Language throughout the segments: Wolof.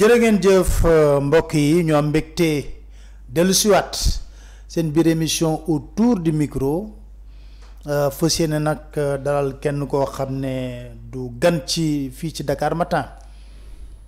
jërë ngeen jëf euh, mbokk yi ñu am mbégte émission autour du micro euh, fas yéene nag euh, dalal kenn du gan ci ci Dakar Matin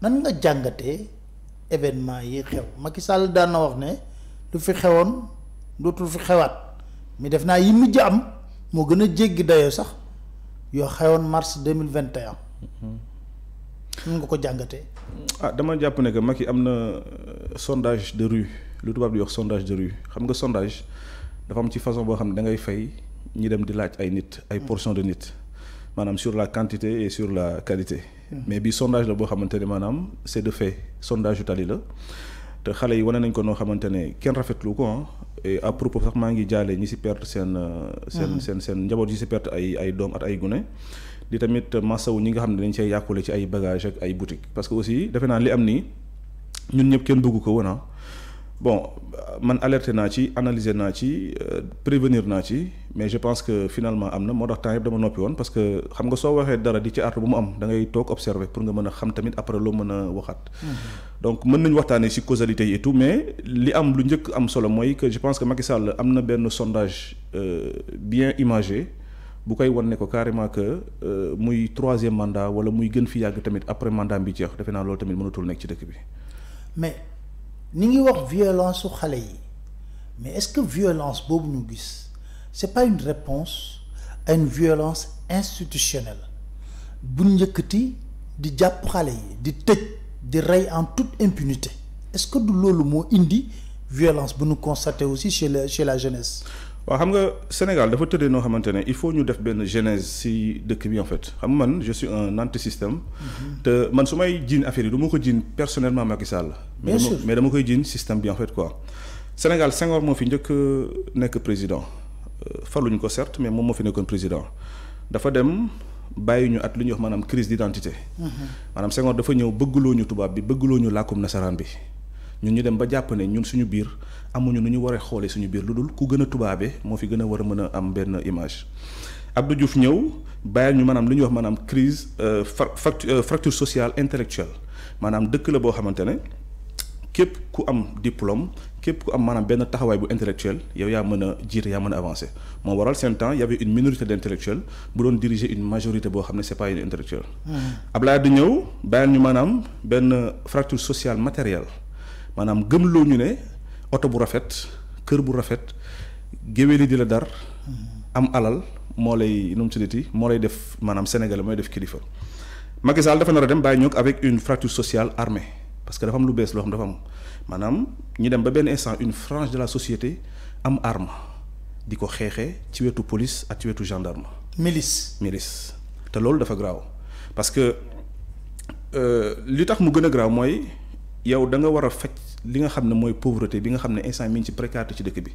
nan nga jangate événement yi xew Macky Sall daan na wax ne lu fi xewoon dootul fi xewat mi def naa yi mujj am mo gën a jéggi dayoo sax yo xewon mars 2021 hmm vingt nga ko jangate ah dama japp ne que Macky amna euh, sondage de rue lu tubaab di wax sondage de rue xam nga sondage dafa am ci façon bo xam da ngay fay ñi dem di laaj ay nit ay mm. portion de nit manam sur la quantité et sur la qualité mais bi sondage la boo xamantene c'est de fait sondage yu tali la te xale yi wane nañ ko noo xamantene kenn rafetlu ko ah. et à propos sax maa ngi jaale ñi si perte seen ah, mm-hmm. seen seen seen yi si perte ay ay doom at ay gune di tamit ñi nga dañ parce que aussi li am ni ñun ñëpp kenn ko ah bon man alerter na ci analyser na ci euh, prévenir na ci mais je pense que finalement amna na moo tax temps dama nopi won parce que xam nga so waxe dara di ci art bu mu am da ngay tok observer pour nga meuna xam tamit après lo meuna waxat mhm. donc meun nañu waxtane ci causalité et tout mais li am lu ñëk am solo moy que je pense que Macky Sall amna na benn sondage euh, bien imagé. bu koy wan ne ko carrément que euh, muy troisième mandat wala muy gën fi yag tamit après mandat bi jeex defe lo loolu tamit mënatul nek ci dëkk bi mais nous ngi wax violence au mais est-ce que la violence ce n'est pas une réponse à une violence institutionnelle Si nous avons jàpp xale yi di en toute impunité est-ce que du mot moo indi violence que nous constatons aussi chez la jeunesse wa xam nga Sénégal dafa tëddee noo xamante ne il faut ñu def benn genèse si dëkk bi en fait xam man je suis un anti-système. Mhm. te man su may jiin affaire yi du ma ko jiin personnellement Macky Sall mais dama koy jiin système bi en fait quoi. Sénégal Senghor moo fi njëkk nekk président euh, faluñu ko certes mais moom moo fi nekkoon président dafa dem bàyyi ñu at lu ñuy wax maanaam crise d'identité. Mhm. maanaam Senghor dafa ñëw bëggloo ñu tubaab bi bëggloo ñu làkkum nasaraan bi ñun ñu dem ba jàpp ne ñun suñu biir amuñu nu ñu war a xoolee suñu biir lu dul ku gën a tubaabe moo fi gën a war a mën a am benn image Abdou Diouf ñëw bàyyil ñu maanaam lu ñuy wax maanaam crise euh, euh, fracture sociale intellectuelle maanaam dëkk la boo xamante ne képp ku am diplôme képp ku am maanaam benn taxawaay bu intellectuel yow yaa mën a jiite yaa mën a avancé moo waral seen temps y avait une minorité d' intellectuels bu doon diriger une majorité boo xam ne c' est pas une intellectuel. Hmm. Ablaye di ñëw bàyyil ñu maanaam benn fracture sociale matérielle maanaam gëmloo ñu ne oto bu rafet kër bu rafet géwéli di la dar am alal moo lay nu tuddati moo lay def maanaam sénégalais mooy def kilifa Macky dafa nar a dem bàyyi ñoog avec une fracture sociale armée parce que dafa am lu bees loo xam dafa am maanaam ñu dem ba benn instant une frange de la société am arme di ko xeexee ci wetu police ak ci wetu gendarme. milice milice te loolu dafa graaw parce que euh, li tax mu gën a graaw yow da nga war a faj li nga xam ne mooy pauvreté bi nga xam ne instant mi ngi ci précarité ci dëkk bi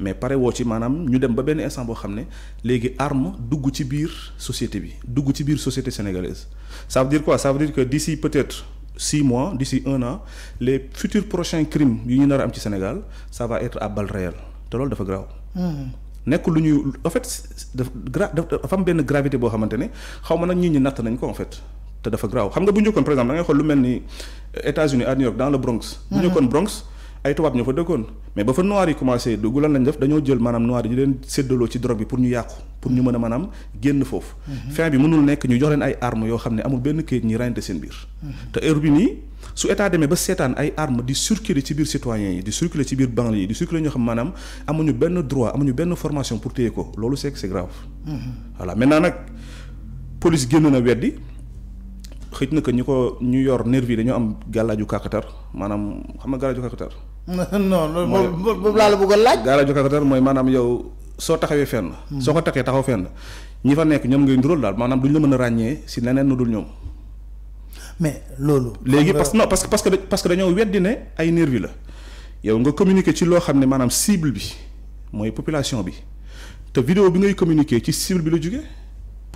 mais pare woo ci maanaam ñu dem ba benn instant boo xam ne léegi arme dugg ci biir société bi dugg ci biir société sénégalaise ça veut dire quoi ça veut dire que d'ici peut-être six mois d'ici un an les futurs prochains crimes yu ñu nar a am ci Sénégal ça va être à balles réelles te loolu dafa grave hmm. nekk lu ñuy en fait dafa am benn gravité boo xamante ne xaw ma nag ñit ñi natt nañ ko en fait te dafa grave xam nga bu njëkkoon par exemple da ngay xool lu mel ni États-Unis à New York dans le Bronx. ñu mhm. Bronx ay tubaab ñoo fa dëkkoon mais ba fa noir yi commencé dugg lan lañ def jël maanaam noir yi leen séddaloo ci drogue bi pour ñu yàqu pour ñu mën a maanaam génn foofu. Mhm. fin bi mënul nekk ñu jox leen ay armes yoo xam ne amul benn kayit ñi de seen biir. Mhm. te heure bi nii su état demee ba seetaan ay armes di circuler ci biir citoyens yi di circuler ci biir banlieue di circuler ñoo xam maanaam amuñu benn droit amuñu benn formation pour téye ko loolu c'est c'est grave. voilà maintenant nag police génn na xëj na que ñi ko ñu yor nervi dañoo am gàllaaju kàkkatar maanaam xam nga gàllaaju kàkkatar. non loolu moom moom laa la bëgg mooy maanaam yow soo taxawee fenn. Hmm. soo ko taxee taxaw fenn ñi fa nekk ñoom ngay ndural daal maanaam duñ la mën a ràññee si leneen nu dul ñoom. mais loolu. léegi parce que parce que parce que parce que dañoo weddi ne ay nervi la yow nga communiquer ci loo xam ne maanaam cible bi mooy population bi te vidéo bi ngay communiquer ci cible bi la jugee.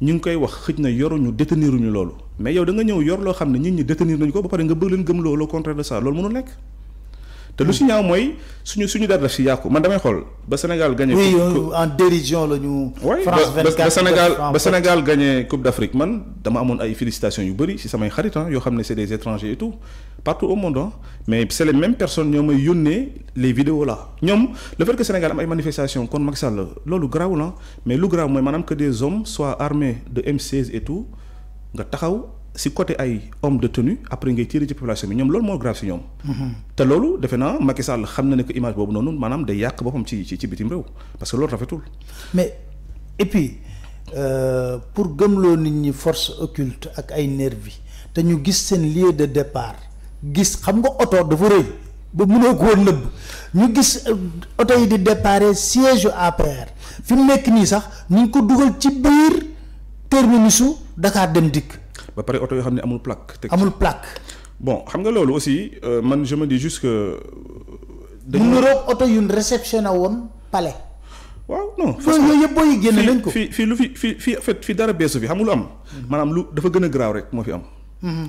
ñu ngi koy wax xëj na yoruñu déteniruñu loolu mais yow da nga ñëw yor loo xam ne nit ñi détenir nañu ko ba pare nga bëgg leen gëm loolu au contraire de ça loolu mënul nekk. te lu si ñaaw mooy suñu suñu dara si yàqu man damay xool ba Sénégal gagné. oui euh, en dérision la ñu. France 24 ba Sénégal Sénégal gagné Coupe d' man dama amoon ay félicitations yu bëri si samay xarit yoo xam ne c' est des étrangers et tout partout au monde mais c'est les mêmes personnes qui ont yónnee les vidéos là le fait que Sénégal am ay manifestations kon Macky Sall c'est grave. la mais qui grave, grave, c'est que des hommes soient armés de M16 et tout nga taxaw si côté ay hommes de tenue après ils tirer ci population C'est ce qui est grave si ñoom. Mm-hmm. Et loolu defe Macky Sall sait na que image boobu noonu maanaam de yak boppam ci ci ci bitim réew parce que fait tout. mais et puis euh, pour gëmloo nit ñi force occulte ak ay nervi te ñu gis un lieu de départ. gis xam nga oto dafa rëy ba mënoo koo nëbb ñu gis euh, oto yi di dépare siège yu APR fi mu nekk nii sax mu ngi ko dugal ci biir terminusu Dakar dem dikk. ba pare oto yoo xam ne amul plaque. amul plaque. bon xam nga loolu aussi euh, man je me dis juste que. dañu euh, mu niroog oto yu ñu réceptionné woon palais. waaw no parce que yooyu yëpp booy génne nañ ko. fii fii lu fi fii fii en fait dara beesu fi xam nga lu am. Mhm. maanaam lu dafa gën a garaaw rek moo fi am. Mhm.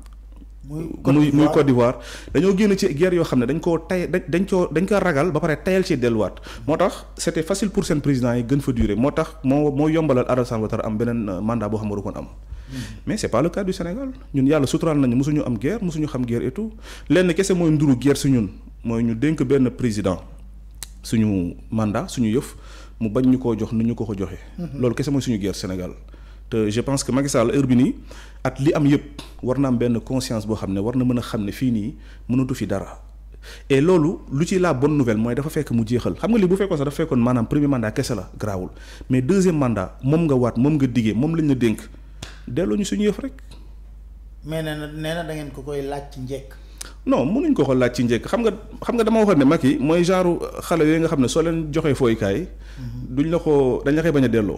muy muy Côte d'Ivoire dañoo génn ci guerre yoo xam ne dañ koo tay dañ koo dañ ko ragal ba pare tayal ci delluwaat moo tax c'était facile pour seen président yi gën fa durer moo tax moo moo yombalal Alassane Ouattara am beneen euh, mandat boo xam ne koon am hmm. mais c'est pas le cas du Sénégal ñun yàlla suturaal nañu mosuñu am guerre mosuñu xam guerre et tout lenn kese mooy nduru guerre si ñun mooy ñu dénk benn président suñu mandat suñu yëf mu bañ ñu koo jox nu ñu ko ko joxee hmm. loolu kese mooy suñu guerre Sénégal je pense que Macky Sall heure bi nii li am yëpp war am benn conscience boo xam ne a fi dara et loolu lu ci la bonne nouvelle mooy dafa fekk mu jeexal xam nga lii bu fekkoon sax dafa fekkoon premier mandat kese la mais deuxième mandat moom nga waat moom nga diggee moom lañ la dénk suñu rek. mais nee na nee da koy ci non mënuñ ko ko laaj ci njëkk xam nga xam nga dama waxoon ne Macky mooy genre xale yooyu nga xam ne soo leen joxee fooykaay. Mhm. duñ la ko dañ la koy bañ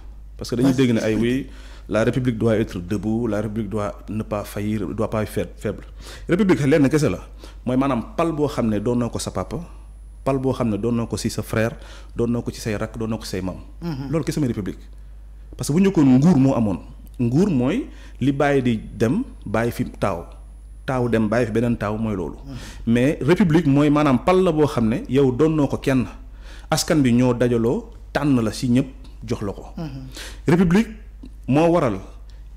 parce que dañuy dégg ne ay oui la république doit être debout la république doit ne pas faillir doit pas être faible république qu'est-ce la mooy maanaam pal boo xam ne doon na ko sa papa pal boo xam ne doon ko si sa frère doon ko ci say rak, doon ko say mam mhm. loolu kese mooy république parce que buñu ko nguur mo amone. nguur moy li baye di dem baye fi taw. Taw dem baye fi benen taw moy lolu. Mhm. mais république moy manam pal la bo xam ne yow doon ko kenn askan bi ñoo dajalo tan la si ñepp jox république mo waral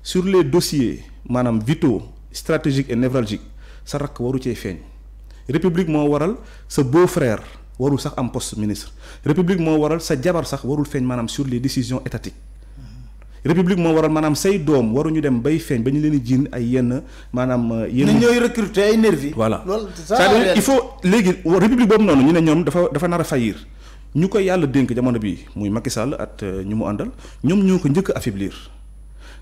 sur les dossiers manam vitaux stratégiques et névralgiques sa rak waru cee feñ république mo waral sa beau-frère waru sax am poste ministre république mo waral sa jabar sax warul feñ manam sur les décisions étatiques. république mo waral manam say waru ñu dem bay feñ bañu leni jinn ay yenn manam euh, yenn ñoy recruter ay nervi voilà Ça il faut légui république bobu nonu ñu ne ñom dafa dafa nara ñu ko yàlla dénk jamono bi muy Macky Sall at euh, ñu mu àndal ñoom ñoo ko njëkk affaiblir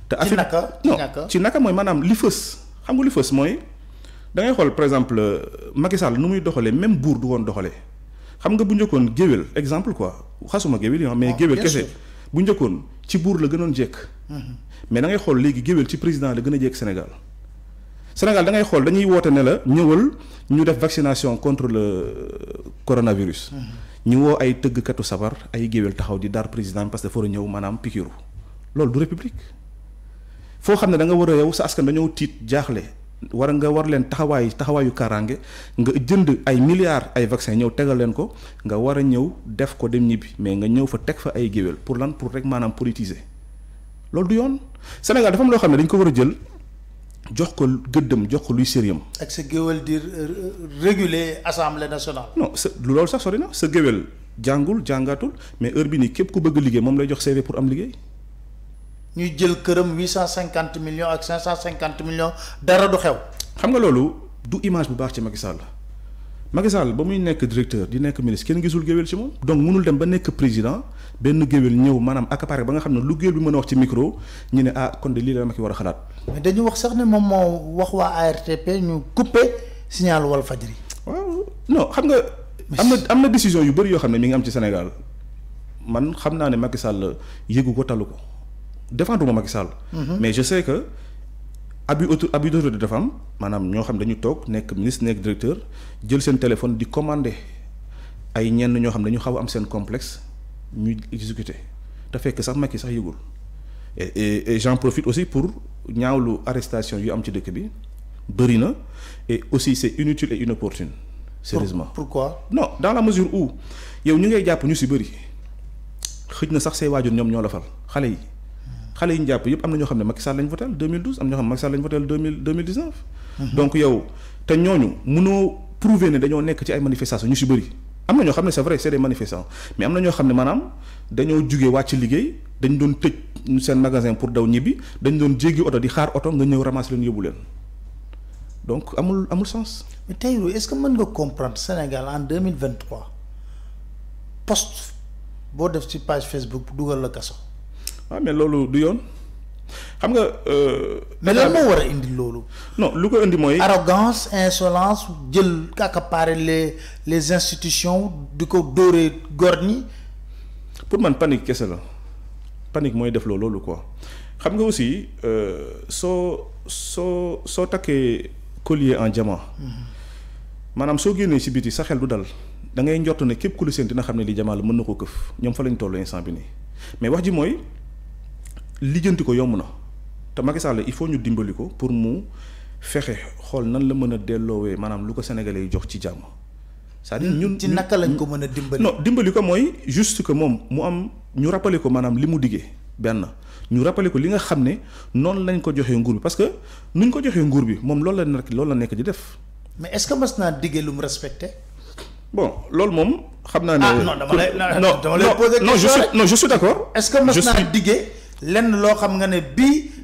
te affaiblir non ci naka mooy maanaam li fës xam nga li fës mooy da ngay xool par exemple euh, Macky Sall nu muy doxalee même buur du woon doxalee xam nga bu njëkkoon géwél exemple quoi xasuma géwél yi mais ah, géwél kese bu njëkkoon ci buur la gënoon jekk mhm. mais da ngay xool léegi géwél ci président la gën a jekk Sénégal Sénégal da ngay xool dañuy woote ne la ñëwal ñu def vaccination contre le euh, coronavirus -hmm. ñu woo ay tëggkatu sabar ay géwél taxaw di dar président parce que war a ñëw maanaam pikiru loolu du république foo xam ne da nga war a yow sa askan dañoo tiit jaaxle war nga war leen taxawaay taxawaayu kaaraange nga jënd ay milliards ay vaccin ñëw tegal leen ko nga war a ñëw def ko dem ñibbi mais nga ñëw fa teg fa ay géwél pour lan pour rek maanaam politiser loolu du yoon Sénégal dafa loo xam ne dañ ko war a jël. jox ko gëddam jox ko luy sérieux ak sa géwél di réguler assemblée nationale. no sa loolu sax sori na sa géwel jàngul jàngaatul mais heure bi nii képp ku bëgg liggéey moom lay jox CV pour am liggéey. ñuy jël këram huit cent cinquante millions ak cinq cent cinquante millions dara du xew. xam nga loolu du image bu baax ci Macky Sall Macky Sall ba muy nekk directeur di nekk ministre kenn gisul géwel ci moom. donc mënul dem ba nekk président benn géwél ñëw maanaam accaparé ba nga xam ne lu géwél mën a wax ci micro ñu ne ah kon de lii war a xalaat. mais dañu wax sax ne moom moo wax waa ARTP ñu couper signal wal waaw non xam nga. am na am na décision yu bëri yoo xam ne mi ngi am ci Sénégal man xam naa ne Macky Sall yëgu ko talu ko défendre ma Macky Sall. Mhm. mais je sais que abus auto abus d'autorité dafa am maanaam ñoo xam dañu toog nekk ministre nekk directeur jël seen téléphone di commander ay ñenn ñoo xam dañu xaw am seen complexe ñu exécuter te fekk sax Macky sax yëgul et et, et j'en profite aussi pour ñaawlu arrestation yu am ci dëkk bi bëri na et aussi c'est inutile et inopportune. sérieusement pourquoi. non dans la mesure où yow ñu ngay jàpp ñu si bëri xëj na sax say waajur ñoom ñoo la fal xale yi. xale yi ñu jàpp yëpp am na ñoo xam ne Macky Sall lañ votel 2012 am na ñoo xam ne Macky Sall lañ votel 2000 2019. donc yow te ñooñu mënoo prouver ne dañoo nekk ci ay manifestations ñu si bëri c'est vrai c'est des manifestants mais amna na xamné manam ont fait dañoo jugee qui liggéey dañ doon seen magasin pour daw ñibi dañ doon djéggi des di xaar nga leen donc amul amul sens. mais est-ce que mën nga comprendre Sénégal en 2023, post def ci page Facebook dougal la kasso Oui, ah, mais lolu du xam nga. Euh, mais lan moo war indi lolu non lu ko indi moy arrogance insolence djel accaparer les les institutions du ko doré gorni pour man panique kese la panique moy def lolu quoi xam nga aussi euh, so so soo takkee collier en diamant. Mhm. manam so génnee ci biti sa xel du dal da ngay njott ne képp ku la seen dina xam li diamant la mën na ko këf ñoom fa lañ toll instant bi ni mais wax ji moy lijjanti ko yomna te Macky Sall il faut ñu dimbali ko pour mu fexé xol nan la mëna délowé manam maanaam lu ko sénégalais jox ci jamm c'est-à-dire hmm. ñun ci naka lañ ko mëna a dimbali. non dimbali ko mooy juste que mom mu am ñu rappelé ko manam limu mu ben ñu rappelé ko li nga xamné non lañ ko joxé nguur bi parce que nuñ ko joxé nguur bi mom loolu la nekk loolu la nek di def. mais est-ce que mas naa diggee lu mu respecté. bon loolu mom xamna né ah non dama lay non dama lay poser question non je suis non je suis d'accord. est-ce que mas naa diggee lenn lo xam nga né bi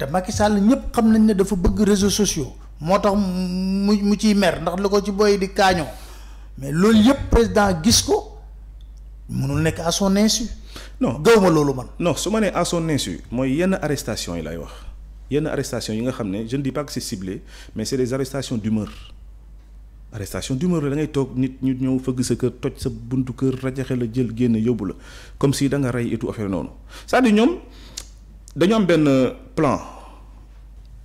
te Macky Sall ñëpp xam nañ ne dafa bëgg réseaux sociaux moo tax mu mu ciy mer ndax la ko ci boy di kaañoo mais loolu yëpp président gis ko mënul nekk à son insu. non gaw ma loolu man. non su ma nee à son insu mooy yenn arrestation yi lay wax yenn arrestation yi nga xam ne je ne dis pas que c'est ciblé mais c'est des arrestations d'humeur arrestation d'humeur la ngay toog nit ñu ñëw fëgg sa kër toj sa buntu kër rajaxe la jël génn yóbbu la comme si da nga rey etu affaire noonu c'est-à-dire ñoom dañu am ben plan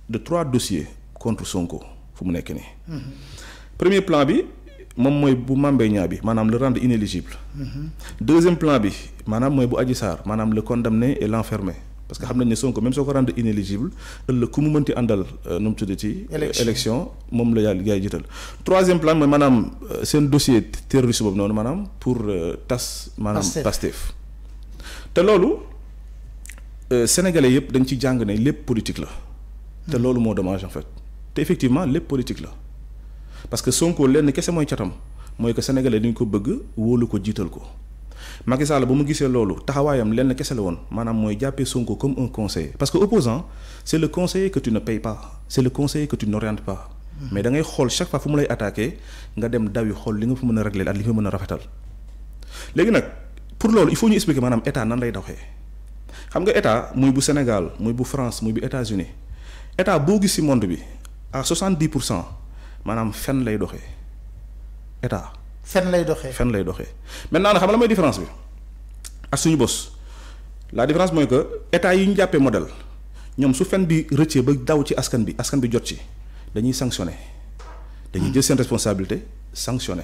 de trois dossiers contre Sonko fu mu nekk mhm. premier plan bi mom moy bu Mame Mbaye bi manam le rendre inéligible. Mhm. deuxième plan bi manam moy bu Adji Sarr le condamner et l'enfermer parce que xam nañ Sonko même soo rendre inéligible ëllëg le mu mënti andal euh, num mu ci euh, élection mom la yàlla gars jital troisième plan mooy manam euh, sen dossier terroriste bob non manam pour tas. manam Pastef te loolu. Euh, sénégalais yépp dañ ci jàng ne lépp politique la te loolu moo dommage en fait te effectivement lépp politique la parce que Sonko lenn kese mooy catam mooy que sénégalais dañ ko bëgg wóolu ko jiital ko Macky Sall ba mu gisee loolu taxawaayam lenn kese la woon maanaam mooy jàppee Sonko comme un conseiller parce que opposant c'est le conseiller que tu ne payes pas c'est le conseiller que tu n'orientes pas mais da ngay xool chaque fois fu mu lay attaquer nga dem daw yi xool li nga fa mën a régler ak li nga mën a rafetal léegi nag pour loolu il faut ñu expliquer maanaam état nan lay doxee xam nga état muy bu Sénégal muy bu France muy bu États-Unis état boo gis ci monde bi à 70% dix pour cent maanaam fen lay doxee état. fen lay doxee fen lay doxee maintenant nag xam la mooy différence bi ak suñu bos la différence mooy que état yi ñu jàppee modèle ñoom su fen bi rëccee ba daw ci askan bi askan bi jot ci dañuy sanctionné dañuy jël seen responsabilité sanctionné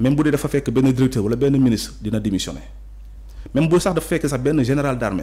même bu dee dafa fekk benn directeur wala benn ministre dina démissionné même bu sax dafa fekk sax benn général d'armée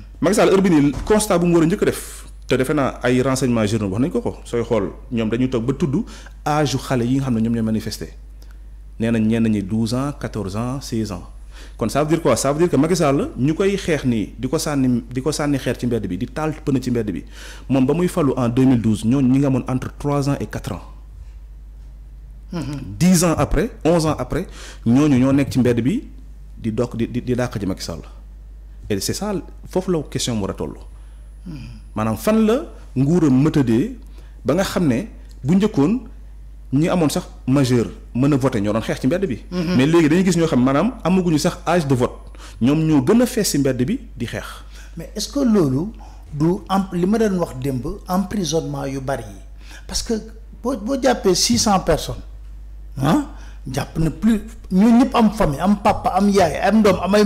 Macky Urbini, heure bi constat bu mu war a def te defe na ay renseignements généraux wax nañ ko ko soy xol ñom dañuy tok ba tuddu âge xalé yi nga xam ne ñoom manifester nee nañ ñi 12 ans 14 ans 16 ans kon ça veut dire quoi ça veut dire que Macky Sall ñu koy xeex nii di ko sànni di ci mbéd bi di tal pënë ci mbéd bi mom ba muy fallu en 2012 ñoo ñi nga mon entre 3 ans et 4 ans. 10 ans après 11 ans après ñoo ñoo nekk ci mbéd bi di dok di di dàq ji Macky Sall et c'est ça foofu la question war manam fan la nguuram mëtëdee ba nga xamné ne bu ñi amone sax majeur voter, ñoo doon xex ci bi. Mhm. mais légui dañuy gis ñoo xam manam amuguñu sax de vote ñom ñoo gëna a ci bi di mais est-ce que lolu du li ma doon wax démb emprisonnement yu parce que vous vous avez 600 personnes hein? Ah, japp na plus ñep am famille am papa am yaay am dom am ay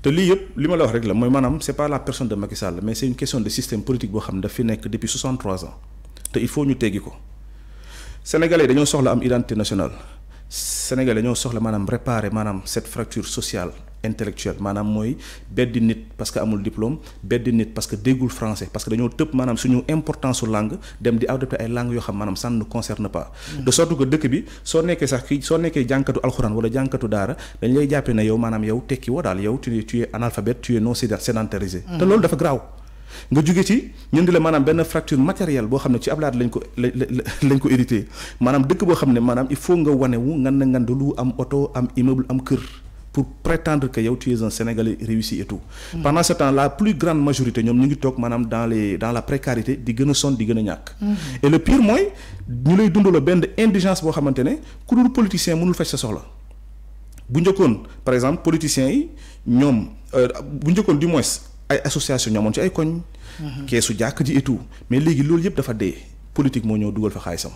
te n'est ma la pas la personne de Macky Sall mais c'est une question de système politique xam depuis 63 ans il faut nous teggi Les sénégalais ont soxla am identité nationale sénégalais dañoo soxla manam réparer cette fracture sociale intellectuel manam moy bedd nit parce que amul diplôme bedd nit parce que dégoul français parce que dañu teup manam suñu importance langue dem di adopté ay langue yo xam manam ça ne concerne pas hmm. de sorte que dëkk bi so nekkee sax ki so nekkee jankatu alcorane wala jankatu dara dañ lay jappé né yow manam yow tekki wo dal yow tu es tu es analphabète tu es non sédentarisé hmm. té lolou dafa graw nga jugé ci ñun di la maanaam benn fracture matérielle bo xamné ci ablad lañ ko lañ ko hérité manam dëkk bo xamné manam il faut nga wané wu nga na am auto am immeuble am kër pour prétendre que yow tu es un Sénégalais réussi et tout. Mm. pendant ce temps la plus grande majorité nous ñu ngi toog dans les dans la précarité di gën a sonn di gën a mm. et le pire mooy ñu lay dundaloo benn indigence pour maintenir. Que ku dul politicien mënul faj sa soxla. bu par exemple politiciens yi ñoom euh, bu njëkkoon du moins ay association ñoo amoon ci ay koñ. Mm-hmm. keesu jàkk ji et tout mais léegi loolu yëpp dafa dee politique moo ñëw dugal fa xaalisam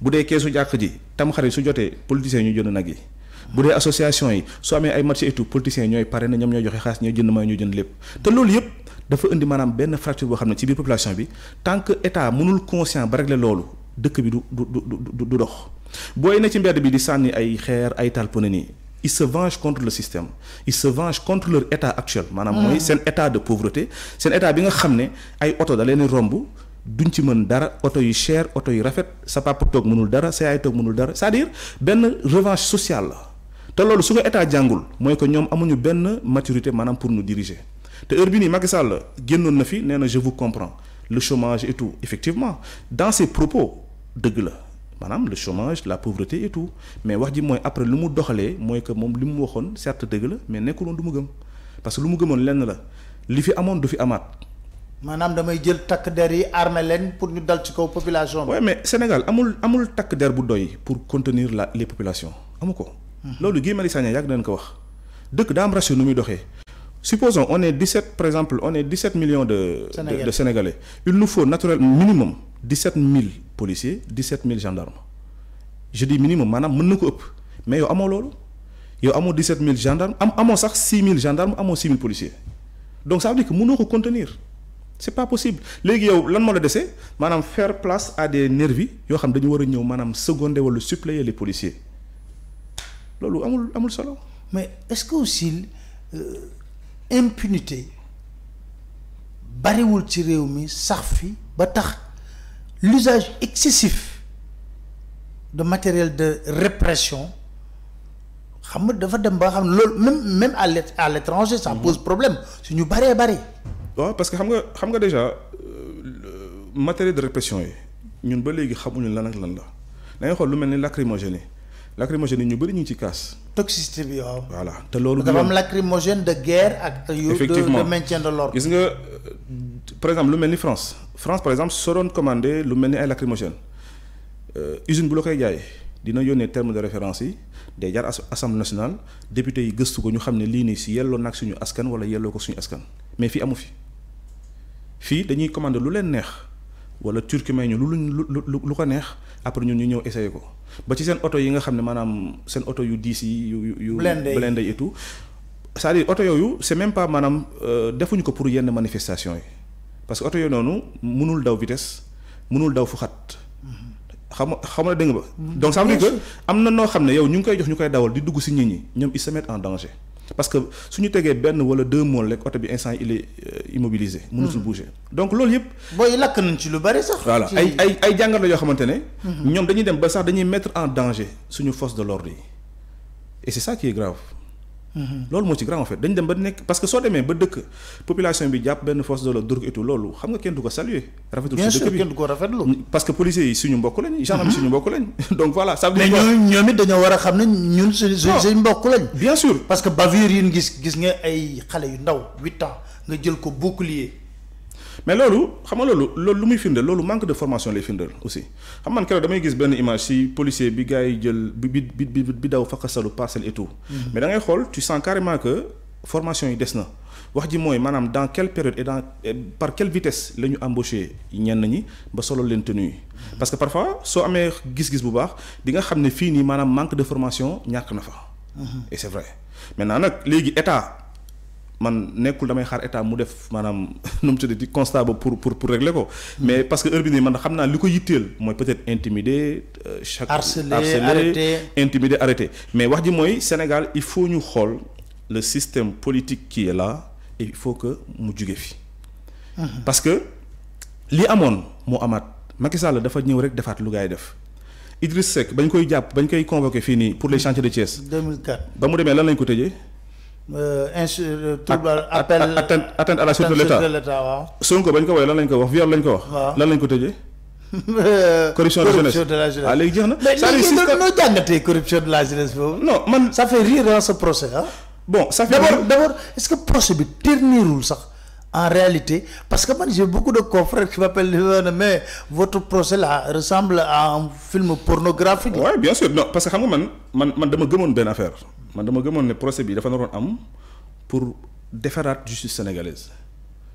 bu dee keesu jàkk ji tam xarit su jotee politiciens yi ñu jënd nag yi bu dee association yi soo amee ay marché et tout politiciens ñooy pare na ñoom ñooy joxe xaalis ñooy jënd may ñooy jënd lépp te loolu yëpp dafa indi maanaam benn fracture boo xam ne ci biir population bi tant que état mënul conscient ba régler loolu dëkk bi du du du du dox booy ne ci mbedd bi di sànni ay xeer ay talpone nii ils se vengent contre le système ils se vengent contre leur état actuel maanaam mooy mm. seen état de pauvreté seen état bi nga xam ne ay oto da leen romb duñ ci mën dara oto yu cher oto yu rafet sa papa toog mënul dara sa ay toog mënul dara c'est-à-dire benn revanche sociale la te lolou su ko état jangul moy ko ñom amuñu benn maturité manam pour nous diriger te heure bi nii Macky Sall génnoon na fi néna je vous comprends le chômage et tout effectivement dans ses propos deug la manam le chômage la pauvreté et tout mais wax ji moy après lu mu doxalé moy que mom limu mu waxoon certes dëgg la mais nekkuloon du mu gëm parce que lu mu gëmoon lenn la li fi amone du fi amaat. manam damay jël tak der yi armé l'enn pour ñu dal ci kaw population bi. oui mais Sénégal amul amul tak der bu doy pour contenir la les populations amuko loolu Guy Marius Sagna yàgg nañ ko wax dëkk daa am ratio muy supposons on est 17 par exemple on est 17 millions de Sénégalais. de Sénégalais il nous faut naturellement minimum 17000 policiers 17000 gendarmes je dis minimum maanaam mën na ko ëpp mais yow amoo loolu yow amoo 17000 gendarmes am amoo sax 6000 gendarmes amoo 6000 policiers donc ça veut dire que mënoo ko contenir c'est pas possible léegi yow lan moo la dese faire place à des nervis yoo xam dañu war a ñëw maanaam seconder wala suppléer les policiers mais est-ce que aussi euh, impunité l'usage excessif de matériel de répression même à l'étranger ça mhm. pose problème parce que xam nga euh, matériel de répression yi ñun ba léegi xamuñu lan ak lan la lacrymogène lacrymogène ñu bari ñu ci casse toxicité bi waaw. voilà te loolu. dafa am lacrymogène de guerre ak. yu de maintien de l'ordre gis nga euh, par exemple lu mel France France par exemple soo commander commandé lu mel ni ay lacrymogène euh, usine bu la koy jaay dina yónnee terme de référence yi day jaar assemblée nationale député yi gëstu ko ñu xam ne lii nii si yelloo nag suñu askan wala yelloo ko suñu askan mais fii amu fi fii dañuy commander lu leen neex. wala turki may ñu lu lu lu lu lu lu ko neex après ñun ñu ñëw essayer ko ba ci seen oto yi nga xam ne maanaam seen oto yu diis yi yu yu. blindé yi et tout. c'est-à-dire oto yooyu c'est même pas maanaam euh, defuñu ko pour yenn manifestation yi parce que oto yooyu noonu mënul daw vitesse munul daw fu xat. Mm-hmm. xam xam na dégg nga ba. Mm-hmm. donc ça veut dire que am na noo xam ne yow ñu ngi koy jox ñu koy dawal di dugg si nit ñi ñoom ils se mettent en danger. parce que su ñu tegee benn wala deux mois le côté bi instant il est euh, immobilisé. mënatul hum. bouger donc loolu Bon booy lakk nañ ci lu bari sax. voilà ay ay ay jàngat la yoo nous on ñoom dañuy dem ba sax dañuy mettre en danger suñu force de l'ordre et c'est ça qui est grave loolu mo ci grand en fait dañ dem ba nek parce que so demee ba deuk population bi japp ben force de l'ordre dugg et tout loolu xam nga ken du ko saluer rafetul si dëkk bi kenn du rafetlu parce que policiers yi suñu mbokk lañ gendarme mhm. suñu mbokk lañ donc voilà ça mais ñoom ñoom it dañoo war a ñun suñu suñu mbokk lañ bien sûr parce que bavure yi gis gis nga ay xalé yu ndaw 8 ans nga jël ko bouclier mais lolu xam lolu lolu muy firndeel lolu manque de formation lay firndeel aussi xam man keroog damay gis ben image si policier bi gars jël bi bi bi bi daw fakkasalu parcel et tout. Mhm. mais da ngay xol tu sens carrément que formation yi des na. wax ji moy manam dans quelle période et dans par quelle vitesse lañu embaucher embauché ñenn ñi ba solo leen tenue mhm. parce que parfois so amé gis-gis bu baax di nga xamné ne fii manque de formation ñak na fa. Mhm. et c'est vrai maintenant nak légui état man nekul damay xaar état mu def manam num mu di constat pour pour pour régler ko. Hmm. mais parce que heure bi nii man xamna liko yittel moy peut-être intimider. Euh, chaque harceler arrêter intimider arrêter mais wax di moy Sénégal il faut ñu xol le système politique qui est là et il faut que mu jóge fi. Hmm. parce que li amone moo amaat Macky Sall dafa ñew rek defat lu gay def. Idriss Seck bañ koy japp bañ koy convoquer fini pour les hmm. chantiers de Thiès. 2004 ba mu demee lan lañ ko tëjee. Euh, euh, atteinte à la sûreté de l'État corruption de la jeunesse corruption de la jeunesse non ça fait rire dans ce procès hein. bon ça fait d'abord est-ce que procès est terminé en réalité. Parce que j'ai beaucoup de confrères qui m'appellent, euh, mais votre procès là ressemble à un film pornographique. Oui, bien sûr. Non, parce que moi, man, man, je me une affaire. Man, je me demande le procès bi, am pour défaire la justice sénégalaise.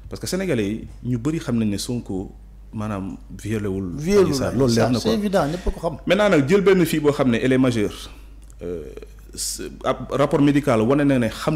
Parce que les Sénégalais, nous beaucoup pas que Sonko manam violé wul c'est évident ko xam maintenant nak jël benn fille boo xam elle est majeure euh, rapport médical wane na ne xam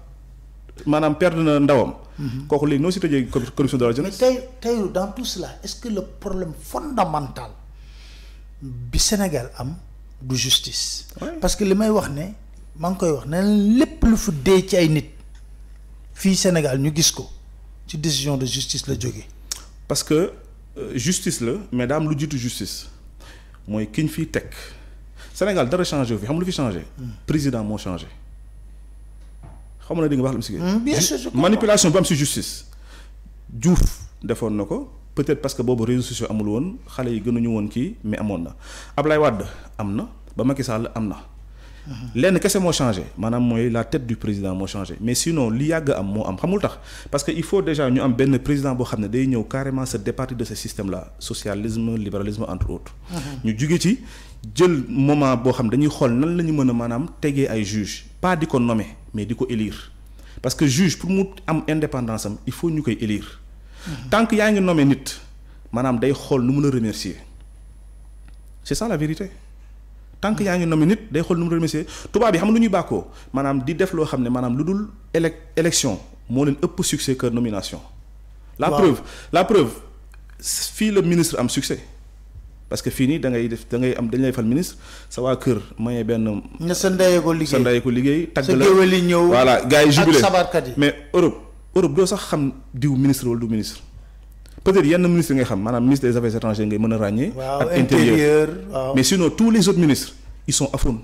maanaam perdre na ndawam. Mhm. kooku aussi noo si commission de la jeunesse. mais dans tout cela est-ce que le problème fondamental bi Sénégal am du justice. parce que li may wax ne maa ngi koy wax qui lépp lu fu ci ay nit Sénégal ñu gis ko ci décision de justice la parce que euh, justice la madame daa am lu justice mooy ki ñu fiy teg Sénégal doit changer Vous fi lu fi changé. Mm. président moo changé xaw ma wax hmm, manipulation bu justice. Diouf defoon na peut-être parce que bob réseaux sociaux amul woon xale yi gënuñu woon qui mais à na Ablaye Wad, amna bamaki ba amna Sall qu'est ce qui changé madame la tête du président a changé mais sinon li a am am xamul tax parce qu'il faut déjà ñu am le président boo xam carrément se départir de ce système là socialisme libéralisme entre autres. Hmm. ñu jugee ci jël moment boo xam dañuy xool nan la ñu mën a maanaam tegee ay juge pas di ko nommer mais di ko élire parce que juge pour mu am indépendance am il faut ñu koy élire mhm. tant que yaa ngi nommer nit maanaam day xool nu mu la remercier c'est ça la vérité tant que yaa ngi nommer nit day xool nu mu la remercier tubaab bi xam lu ñuy bàkkoo maanaam di def loo xam ne maanaam lu dul élection moo leen ëpp succès que nomination la preuve la preuve fii le ministre am succès parce que fini, da ngay def da ngay am dañ lay fal ministre sa wa keur maye ben ne sa ndaye ko liggéey sa ndaye ko liggéey. tagal la sa voilà gars jubilé mais Europe Europe do sax xam diw ministre wala du ministre. peut-être yenn ministre ngay xam manam ministre des affaires étrangères ngay meuna ragné ràññee. ak intérieur mais sinon tous les autres ministres ils sont affamés.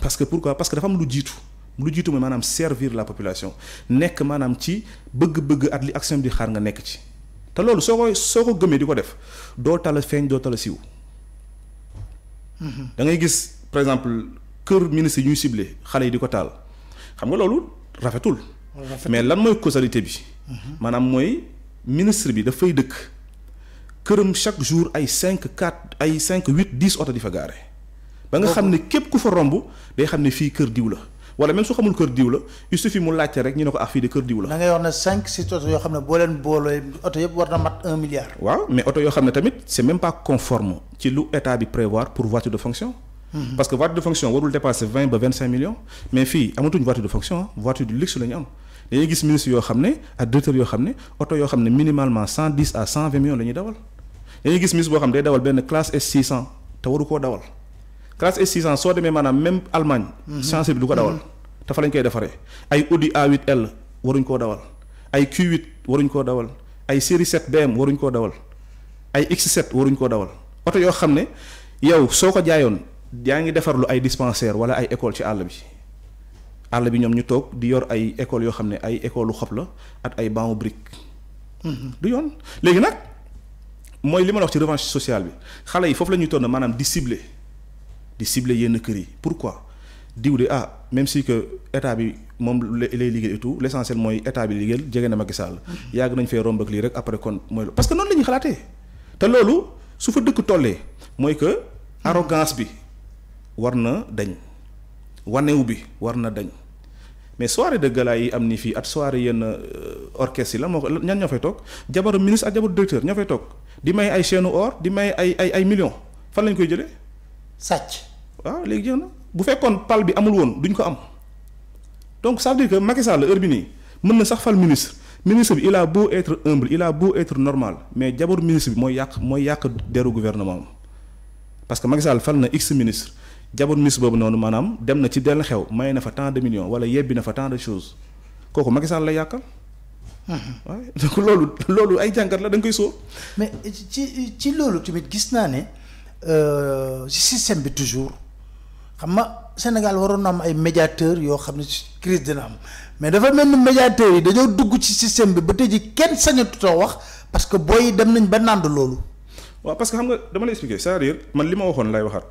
parce que pourquoi parce que dafa am lu jitu lu jitu mais manam servir la population nek manam ci bëgg-bëgg at li action di xaar nga nek ci di ko def mm-hmm. par exemple le ministre ñuy ciblé xale di ko taal xam nga loolu rafetul mais lan mooy causalité bi mm-hmm. maanaam mooy ministre bi dafay chaque jour a 5, quatre ay cinq huit dix oto di fa gaare ba nga xam ne képp ku fa day ne wala même su xamul kër diw la il suffit mu laajte rek ñu ne ko ah fii de kër diw la. da ngay wax ne cinq six oto yoo xam ne boo leen boolee oto yëpp war na mat un milliard. waaw mais oto yoo xam ne tamit c' est même pas conforme ci lu état bi prévoir pour voiture de fonction. Mhm. parce que voiture de fonction warul dépasser 20 ba 25 millions mais fii amatuñ voiture de fonction hein. voiture de luxe la ñu am. dañuy gis ministre yoo xam ne ak directeur yoo xam ne oto yoo xam ne minimalement cent dix à cent vingt millions la ñuy dawal dañuy gis ministre boo xam day dawal benn classe S six cent te waru koo dawal classe S600 soo demee maanaam même Allemagne. Mhm. chance bi du ko dawal. Mhm. te fa lañ koy defaree ay Audi A8L waruñ koo dawal ay Q8 waruñ koo dawal ay série 7 BM waruñ koo dawal ay X7 waruñ koo dawal oto yoo xam ne yow soo ko jaayoon yaa ngi defarlu ay dispensaire wala ay école ci àll bi àll bi ñoom ñu toog di yor ay école yoo xam ay école lu xob la ak ay banc brique. Mhm. du yoon léegi nag mooy li ma la wax ci revanche sociale bi xale yi foofu la ñuy toll maanaam di cibler cibler pourquoi diw de ah même si que état bi mom et tout l'essentiel moy état bi liguel jege na Macky Sall nañ rek après kon nous parce que non lañu xalaté té te su fa dëkk tollé moy que arrogance bi warna dañ wanew bi warna dañ mais soirée de gala yi am ni fi at soirée yenn euh, orchestre la ñan ñofay tok jabar ministre ak directeur di may ay chaîne or di may ay ay millions fan lañ koy sàcc. waaw ah, léegi jeex na bu fekkoon pal bi amul woon duñ ko am donc ça veut dire que Macky Sall heure bi nii mën na sax fal ministre ministre bi il a beau être humble il a beau être normal mais jabaru ministre bi mooy yàq mooy yàq deru gouvernement parce que Macky Sall fal na x ministre jabaru ministre boobu noonu maanaam dem na ci denn xew may na fa tant de millions wala yebbi na fa tant de choses kooku Macky Sall la yàqal. waaye donc loolu loolu ay jàngat la da nga koy sóor. mais ci ci loolu tamit gis naa ne. Euh, ci système bi toujours xam nga Sénégal waroon na am ay médiateurs yoo xam ne ci crise dina am mais dafa mel ni médiateurs yi dañoo dugg ci système bi ba tey ji kenn sañatutoo wax parce que booy dem nañ ba nànd loolu. waaw parce que xam nga dama lay expliquer cest man li ma waxoon lay waxaat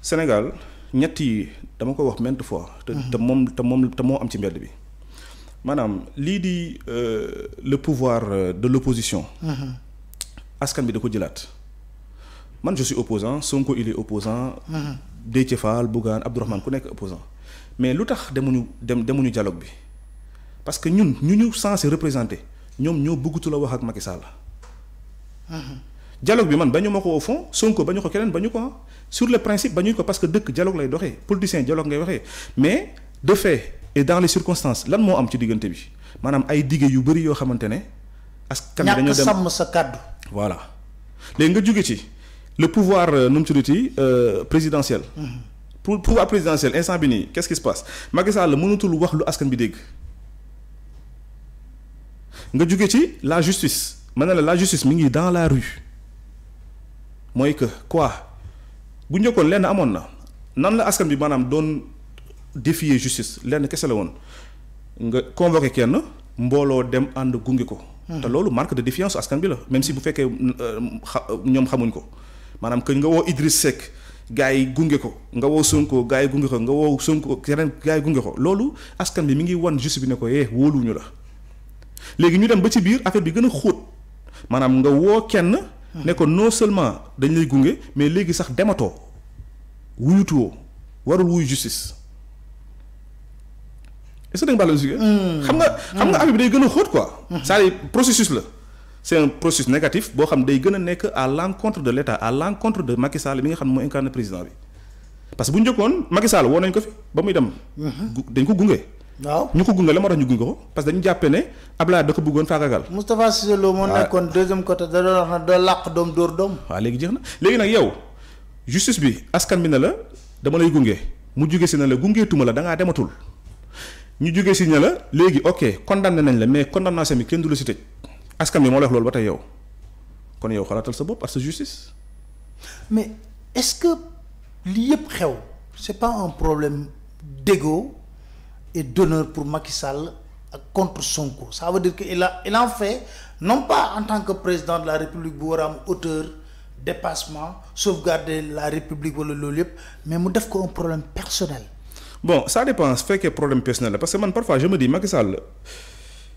Sénégal ñett yi dama ko wax maintes fois. te mhm. te moom te moom te moo am ci mbedd bi. maanaam lii di euh, le pouvoir euh, de l'opposition. Mhm. askan bi da ko jëlaat. man je suis opposant Sonko il est opposant mm-hmm. Déthié Bougan, Bougane Abdourahmane ku opposant mais l'autre, tax demuñu demuñu dialogue bi parce que ñun nous ñu censé représenter nous ñoo bëggutu la wax ak Macky Sall mm-hmm. dialogue bi man bañu ma au fond Sonko bañu ko keneen bañu ko ah. sur le principe bañu ko parce que dëkk dialogue lay doxee politicien dialogue ngay waxee mais de fait et dans les circonstances lan moi, am ci diggante bi maanaam ay dige yu bëri yoo dem voilà léegi nga ci le pouvoir euh, euh, présidentiel. pour pouvoir présidentiel instant qu'est-ce qui se passe Sall askan la justice la la justice dans la rue que quoi bu na nan la askan bi défier justice a nga convoqué dem and hmm. marque de défiance askan même si vous ne maanaam que nga woo Idriss Seck gars yi gunge ko nga woo Sonko gars yi gunge ko nga woo Sonko yeneen gars yi gunge ko loolu askan bi mi ngi wan juste bi ne ko yee eh, wóoluwuñu la léegi ñu dem ba ci biir affaire bi gën a xóot maanaam nga woo kenn. ne ko non seulement dañ lay gunge mais léegi sax dematoo wuyutuwoo warul wuy justice est-ce que hmm. xam nga xam nga hmm. affaire bi day gën a xóot quoi. Hmm. c'est-à-dire processus la. c'est un processus négatif bo xam day gën a à l'encontre de l'État à l'encontre de Macky Sall mi nga xam mo mooy incarne président bi parce que bu njëkkoon Macky Sall woo nañ ko fi ba muy dem. Mhm. dañ ko gungé waaw ñu ko gungé la moo tax ñu gunge ko parce que dañu jappé né Abdoulaye da ko bëggoon faagagal. Moustapha Cissé Lo moo ah. nekkoon deuxième côté da doon wax do laq dom dor dom wa légui léegi légui nak yow justice bi askan mi na la dama lay gungé mu juggé ci na la gungé tuma la da nga dematul ñu juggé ci na la légui ok condamné nañ la mais condamnation mi kenn du la si tej est-ce moo la wax loolu ba tey yow kon yow xalaatal sa bopp ak justice. mais est-ce que li yëpp c'est pas un problème d'égo et d'honneur pour Macky Sall contre contre Sonko ça veut dire que il a en fait non pas en tant que président de la République bu war a dépassement sauvegarder la République mais mu def ko un problème personnel. bon ça dépend su un problème personnel parce que parfois je me dis Macky Sall.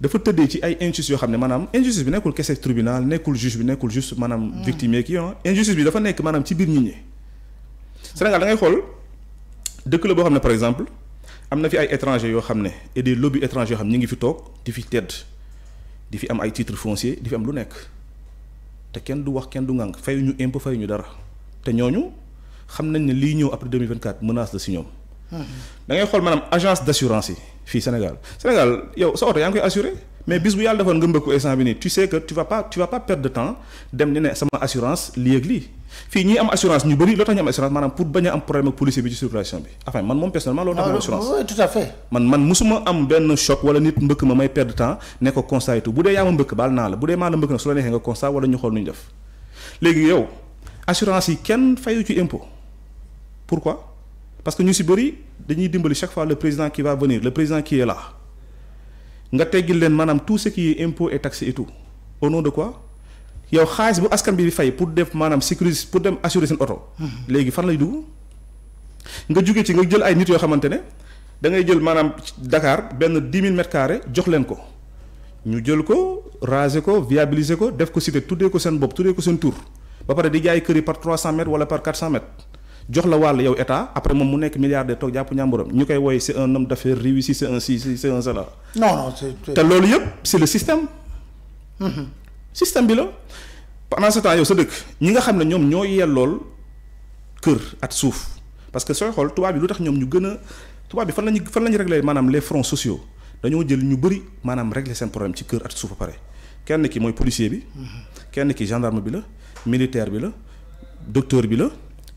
dafa tëddee ci ay injustice yoo xam ne maanaam injustice bi nekkul kese tribunal nekkul juge bi nekkul juste maanaam hmm. victime yeeg yoon injustice bi dafa nekk maanaam ci biir nit ñi Sénégal da ngay xool dëkk la boo xam ne par exemple am na fi ay étrangers yoo xam ne et des lobby étrangers yoo xam ne ñu ngi fi toog di fi tedd di fi am ay titres fonciers di fi am lu nekk te kenn du wax kenn du ngang ñu imp impôt ñu dara te ñooñu xam nañ ne lii ñëw après 2024 menace la si ñoom da ngay xool maanaam agence d' assurance yi fii Sénégal Sénégal yow sa oto yaa ngi koy assuré mais bis bu yàlla defoon nga instant bi nii tu sais que tu vas pas tu vas pas perdre de temps dem ni ne sama assurance lii ak lii fii ñi am assurance ñu bëri loo tax ñu am assurance maanaam pour bañ a am problème ak policier bi ci circulation bi enfin man moom personnellement loolu tax ah, assurance oui tout à fait man man musuma am benn choc wala nit mbëkk ma may perdre temps ne ko constat et tout bu dee yaa ma mbëkk baal naa la bu dee maa la mbëkk na su la neexee nga constat wala ñu xool nu ñu def léegi yow assurance yi kenn fayu ci impôt pourquoi parce que nous sommes tous chaque fois le président qui va venir le président qui est là Nous avons tout ce qui est impôts et taxes et tout au nom de quoi yow pour def manam pour assurer son auto. Les fan lay nga ci nga jël ay nit da ngay Dakar ben 10 000 mètres jox leen ko ñu jël ko raser ko viabiliser ko def ko cité tout par mètres jox la wal yow état après moom mu nekk de toog jàpp ñàmburam borom ñukay woy c'est un homme d'affaires réussi c'est un c'est un cela non non té loolu yépp c'est le système système bi la pendant ce temps yow sa dëkk ñi nga xam ne ñoom ñoo yellool kër at suuf parce que sooy xool tubaab bi lu tax ñoom ñu gën a tubaab bi fan lañu fan lañu régler maanaam les fronts sociaux dañoo jël ñu bëri maanaam régler seen problème ci kër at suuf pare kenn ki mooy policier bi kenn ki gendarme bi la militaire bi la docteur bi la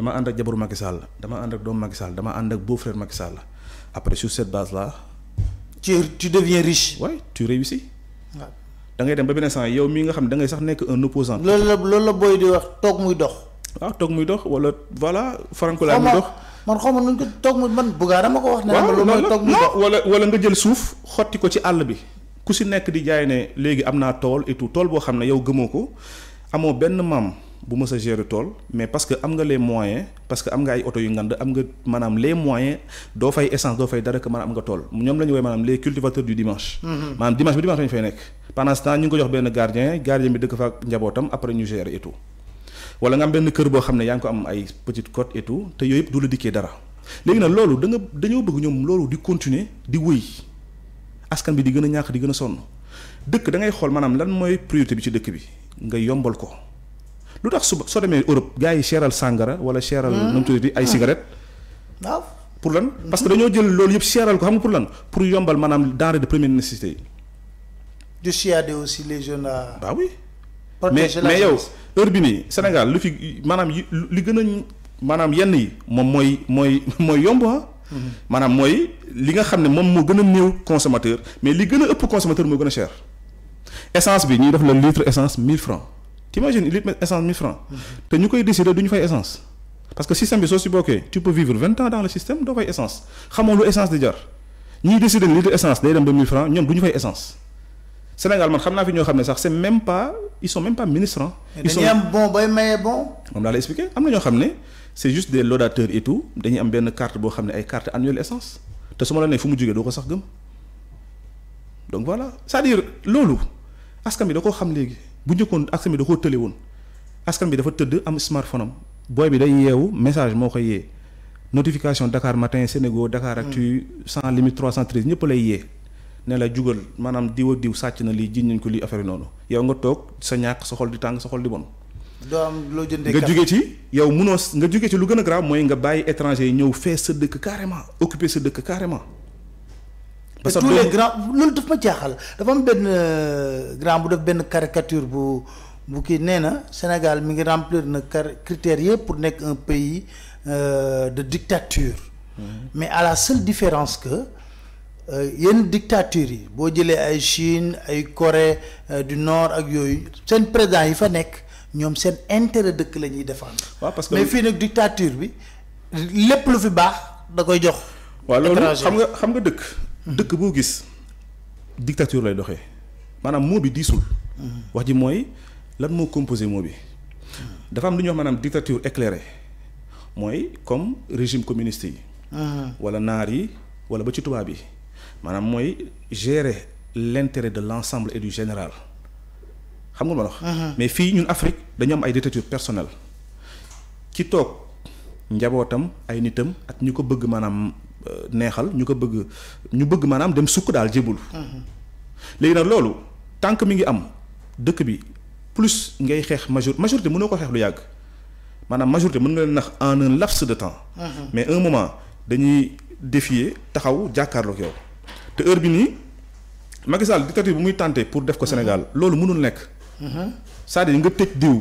dama andak ak jabaru Macky Sall dama andak ak doomu Macky Sall dama andak ak beau frère Macky Sall après sur cette base là. tu tu deviens riche. ouais tu réussis. waaw da ngay dem ba benn sans yow mi nga xam da ngay sax nek un opposant. loolu la loolu la booy di wax tok muy dox. waaw ah, tok muy dox wala voilà la muy dox. man xoma nu ko muy man buga dama ko wax. ne ma moy tok muy dox wala wala nga jël souf xoti ko ci all bi. ku si nek di jaay ne amna tol et tout tol bo xamne yow gëmoko amo ben mam bu mës a gérer tool mais parce que am nga les moyens parce que am nga ay auto yu ngand am nga manam les moyens do fay essence do fay dara que maanaam am nga tool ñom lañu ñu manam les cultivateurs du dimanche. manam mm-hmm. dimanche bi dimanche ñu fay nek pendant ce temps ñu ko jox ben gardien gardien bi dëkk fa njabotam après ñu gérer et tout wala nga am ben kër bo xam ne yaa ko am ay petite côtes et tout te yoyep yëpp du la dikkee dara légui nag lolu da nga dañoo bëgg ñom lolu di continuer di wëy askan bi di gëna ñaak di gëna a sonn dëkk da ngay xol manam lan moy priorité bi ci dëkk bi nga yombal ko lu tax suba soo demee Europe gars yi cheral sangara wala cheral hmm. nu mu ay hmm. cigarette waaw pour lan hmm. parce que dañoo jël loolu yëpp cheral ko xam nga pour lan pour yombal maanaam denrée de première nécessité yi. du chiadé aussi les jeunes à. bah oui mais mais yow heure bi nii Sénégal lu fi maanaam li gën a maanaam yenn yi moom mooy mooy mooy yomb ah. maanaam mooy li nga xam ne moom moo gën a néew consommateur mais li gën a ëpp consommateur moo gën a cher essence bi ñuy def la litre essence 1000 francs t'imagines il met essence 1000 francs te ñu koy décider du ñu fay essence parce que système bi soo si tu peux vivre 20 ans dans le système doo fay essence xamoo lu essence di jar ñiy décider ni litre essence day dem ba 1000 francs ñoom du ñu fay essence Sénégal man xam fi ñoo xam ne sax c'est même pas ils sont même pas ministres hein. ils sont dañuy am bon bay maye bon. moom laa lay expliquer c'est juste des laudateurs et tout Ils am une carte boo ay carte annuelle essence te su ma la nee fu mu jógee doo ko sax donc voilà c'est-à-dire loolu askan bi xam buñu ko askan da vous avez askan bi dafa tëdd am smartphone bi message notification Dakar matin Sénégal Dakar actu sans hmm. limite 313 ñëpp lay yee ne la jugal maanaam diw ak diw sàcc na lii jiñ ko lii affaire yow nga sa sa xol di sa bon. grave nga étranger carrément occuper carrément parce tous les grands nous euh, grand caricature Sénégal critères pour être un pays euh, de dictature mm-hmm. mais à la seule différence que une euh, dictature yi Chine la Corée du Nord ak un président yi fa intérêt de défendre mais une dictature bi plus lu dëkk boo dictature lay doxee maanaam moo bi diisul. wax ji lan composé moo bi. dafa am dictature éclairée comme régime communiste wala nari wala ba ci tubaab gérer l'intérêt de l'ensemble et du général xam nga ma uh-huh. mais fii ñun Afrique dañu am ay dictature personnelle ci ay Euh, neexal ñu ko bëgg ñu bëgg maanaam dem sukk daal jébul mm-hmm. léegi nag loolu tànk mi ngi am dëkk bi plus ngay xeex major majorité mënoo ko xeex lu yàgg maanaam majorité mën nga leen nax en un de temps. Mm-hmm. mais un moment dañuy défier taxaw jàkkaarloog yow te heure bi nii Macky Sall bi bu muy tenté pour def ko mm-hmm. Sénégal loolu mënul nekk. c'est-à-dire nga tëj diw.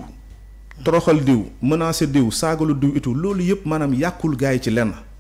toroxal diw menacer diw saagalu diw itu loolu yëpp maanaam yàqul gars yi ci lenn.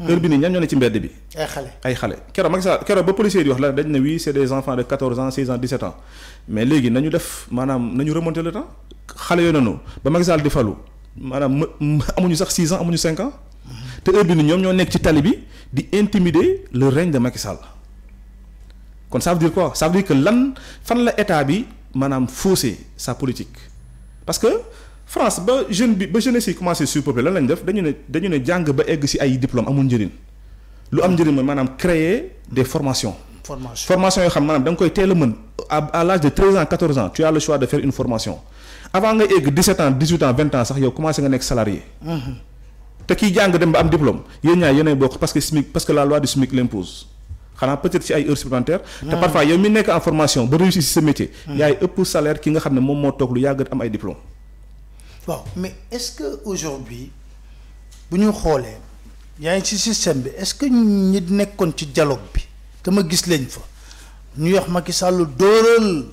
Mm. heure bi nii ñan ñoo ne ci mbedd bi. ay xale ay xale kéro Macky Sall ba policier yi wax la dañ ne oui c'est des enfants de 14 ans 16 ans 17 ans mais léegi nañu def maanaam nañu remonter le temps xale yooyu noonu ba Macky Sall di falu maanaam amuñu sax 6 ans amuñu 5 ans mm-hmm. te heure bi nii ñoom ñoo nekk ci tali bi di intimider le règne de Macky Sall kon ça veut dire quoi ça veut dire que lan fan la état bi maanaam faussé sa politique parce que. France ba jeune bi ba jeunesse yi commencé peuple lan lañ def dañu ne dañu ne jàng ba egg ci ay diplôme amul njëriñ lu am njëriñ mooy maanaam créer des formations. formation formation yo xam manam dang koy teel mën à à l'âge de 13 ans 14 ans tu as le choix de faire une formation avant nga egg 17 ans 18 ans 20 ans sax yow commencé nga nek salarié. Mhm. te ki jang dem ba am diplôme yéen ñaar yéenay bokk parce que SMIC parce que la loi du SMIC l'impose xana peut-être ci ay heures supplémentaires. te mhm. parfois yow mi nek en formation ba réussir ce sa métier. Mhm. yaay ëpp salaire ki nga xamne mom mo tok lu yàgg am ay diplôme bon mais est-ce que aujourd'hui bu ñu xoolee yaa ngi ci système bi est-ce que ñi nekkoon ci dialogue bi te ma gis lañ fa ñu wax Macky Sall dóoral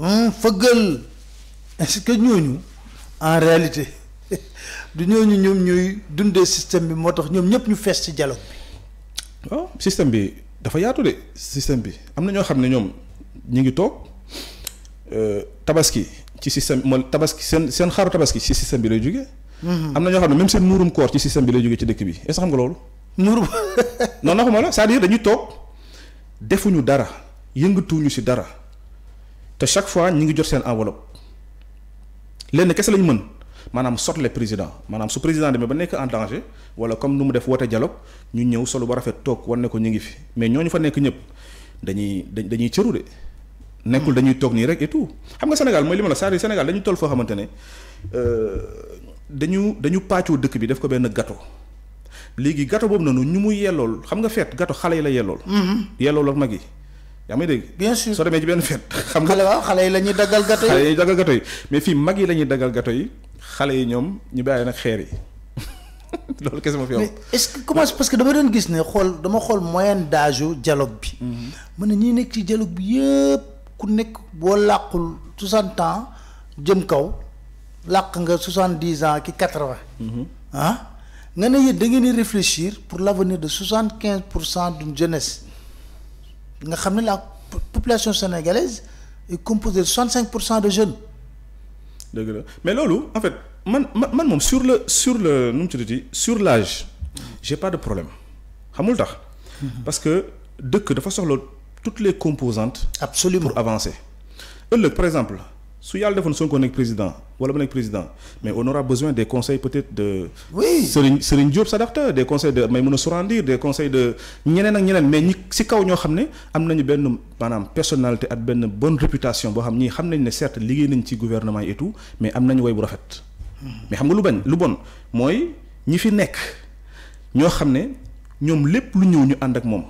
hein, fëggal est-ce que ñooñu en réalité du ñooñu ñoom ñuy dundee système bi moo tax ñoom ñëpp ñu fees ci dialogue bi. waaw système bi dafa yaatu de système bi am na ñoo xam ne ñoom ñu ngi euh, tabaski ci système man tabaski seen seen xaru tabaski ci système bi lay jógee. Mhm. am na ñoo xam même sen muurum koor ci système bi lay jógee ci dëkk bi est-ce xam nga lolu muurum non non xuma la c'est-à-dire dañuy toog defuñu dara yëngatuwuñu ci dara te chaque fois ñi ngi jot sen enveloppe lén kese lañ mën. maanaam sotle président manam su président demee ba nek en danger wala comme nu mu def woote dialogue ñu ñëw solo ba rafet tok wan ko ñi ngi fi mais ñoñu fa nek ñëpp dañuy dañuy cëru de. nekkul dañuy toog nii rek et xam nga Sénégal mooy li ma la c'est-à-dire Sénégal dañu toll foo xamante ne euh, dañu dañu pàccoo dëkk bi def ko benn gato léegi gato boobu noonu ñu mu yellool xam nga feet gâteau xale yi la yellool. Mm-hmm. yellool ak mag yi. yaa may dégg. bien sûr soo demee ci benn feet. xam nga xale xale yi la ñuy daggal gâteau yi xale mais fii mag yi la ñuy daggal gâteau yi xale yi ñoom ñu bàyyi nag xeer yi. loolu kese ma fi am ce que comment parce que dama doon gis ne xool dama xool moyenne d'âge dialogue bi. mu mm-hmm. ñi nekk ci dialogue bi ku nekk boo làqul 60 ans jëm kaw làq nga 70 ans ki 80 mhm. ah nga ne yéen réfléchir pour l'avenir de 75% d'une jeunesse nga xam la population sénégalaise est composée de 65% de jeunes. la mais loolu en fait man man sur le sur le nu mu tuddati sur l'âge j'ai pas de problème xamul tax mhm. parce que de dafa soxla toutes les composantes. absolument pour avancer. ëllëg par exemple su yàlla defoon Sonko président voilà le président mais on aura besoin des conseils peut-être de. oui Serigne Diop s'adapter des conseils de Maïmouna Sourandir des conseils de ñeneen ak ñeneen mais si kaw ñoo ne am nañu personnalité ak bonne réputation boo xam ñii xam nañ ne certes nañ gouvernement et tout mais am nañu way bu rafet. mais xam nga lu bañ lu bon mooy ñi fi nek ño xamné ne lepp lu ñëw ñu and ak mom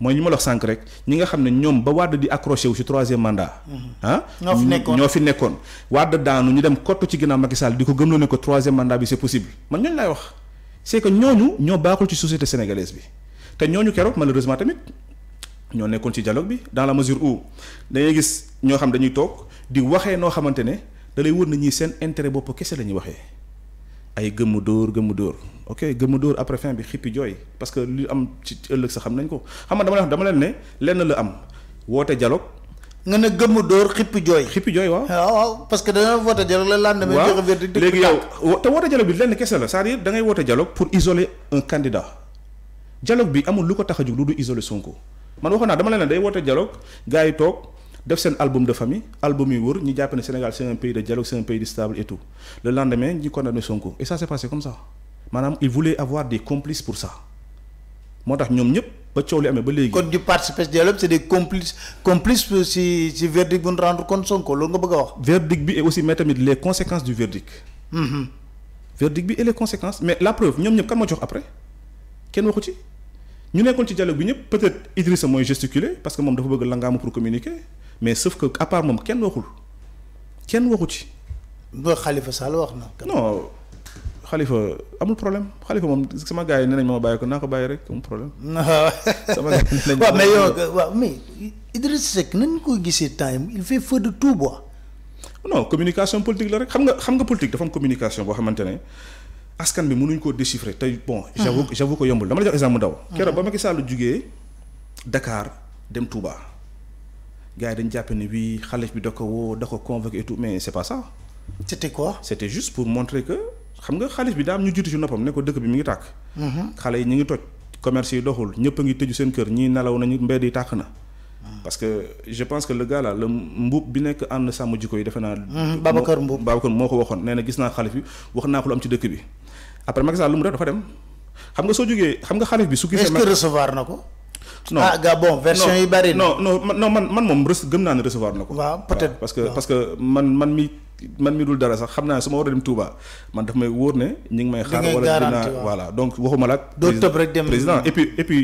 mooy ñu ma la wax sànq rek ñi nga xam ne ñoom ba Wade di accroché wu ci troisième mandat. Mm-hmm. ah ñoo fi nekkoon ñoo fi nekkoon. Wade daanu ñu dem kottu ci ginnaaw Macky Sall di ko gëmloo ne ko troisième mandat bi c'est possible man ñooñu laay wax c'est que ñooñu ñoo baaxul ci société sénégalaise bi te ñooñu keroog malheureusement tamit ñoo nekkoon ci dialogue bi daal la mesure où dañuy gis ñoo xam dañuy toog di waxee noo xamante ne dalay lay wër na seen intérêt bopp kese la ñuy waxee. ay gëmmu dóor gëmmu dóor ok gëmmu dóor après fin bi xippi joy parce que lu am ci ëllëg sa xam nañ ko xam nga dama leen wax dama leen ne lenn la am woote dialogue. nga ne gëmmu dóor xippi joy xippi joy waaw. waaw ah, waaw parce que dañoo woote dialogue la lendemain. waaw léegi yow te woote dialogue bi lenn kese la c'est-à-dire da ngay woote dialogue pour isoler un candidat dialogue bi amul lu ko tax a jug lu du isoler Sonko man waxoon naa dama leen ne day woote dialogue gars yi toog. C'est un album de famille album yi wër ñu Sénégal c'est un pays de dialogue c'est un pays de stable et tout le lendemain ñu condamné Sonko et ça s'est passé comme ça Madame, il voulait avoir des complices pour ça quand ñom ñep ba ciow li ba code du dialogue c'est des complices complices si si verdict vous rendre compte Sonko lo nga bëgg verdict bi et aussi mettre les conséquences du verdict. Mm-hmm. verdict bi et les conséquences mais la preuve ñom ñep kan moo jox après ken waxu ci ñu nekkoon ci dialogue bi dialogue, peut-être Idrissa moy gesticuler parce que moom dafa bëgg langaamu pour communiquer mais sauf que à part moom kenn waxul kenn waxu ci. ba Khalifa Sall wax na. non Khalifa amul problème Khalifa moom sama gars yi nee nañ ma bàyyi ko naa ko bàyyi rek amul problème. sama gars yi mais yow euh, waaw mais Idriss Seck nañ ko gisee temps il fait feu de tout bois. non communication politique la rek xam nga xam nga politique dafa am communication boo xamante askan bi mënuñ ko déchiffrer tay bon. j'avoue ah. j'avoue ko yombul dama la exemple mu daw. Ah. keroog ba Macky Sall Dakar dem Touba gars dañ jappé ni ne bii bi dako wo dako convoquer et tout mais c'est pas ça. c'était quoi. c'était juste pour montrer que xam nga xalif bi daam ñu jiitu ci noppam ne ko dëkk bi mi ngi tak mm-hmm. xale yi ñi ngi toj commerce yi doxul ñepp ngi tëju seen kër ñi nalaw nañu mbedd yi tak na. Ah. parce que je pense que le gars là le mbuub bi nekk ànd sàmm jikko yi defe naa. Mm-hmm. Babacar Mbuub Babacar moo ko waxoon na gis naa xalif bi wax naa ko lu am ci dëkk bi après Macky lu mu def dafa dem xam nga so jógee xam nga xalif bi. su gisee est-ce que recevoir nako non ah Gabon version Ibarine. Non, non non man man moom ne recevoir peut-être parce que parce que man man mi man mi dul dara sax xam naa su war a dem Touba man daf may wóor ne ñu ngi may xaar wala dina voilà donc waxuma la do tëb rek dem président et puis et puis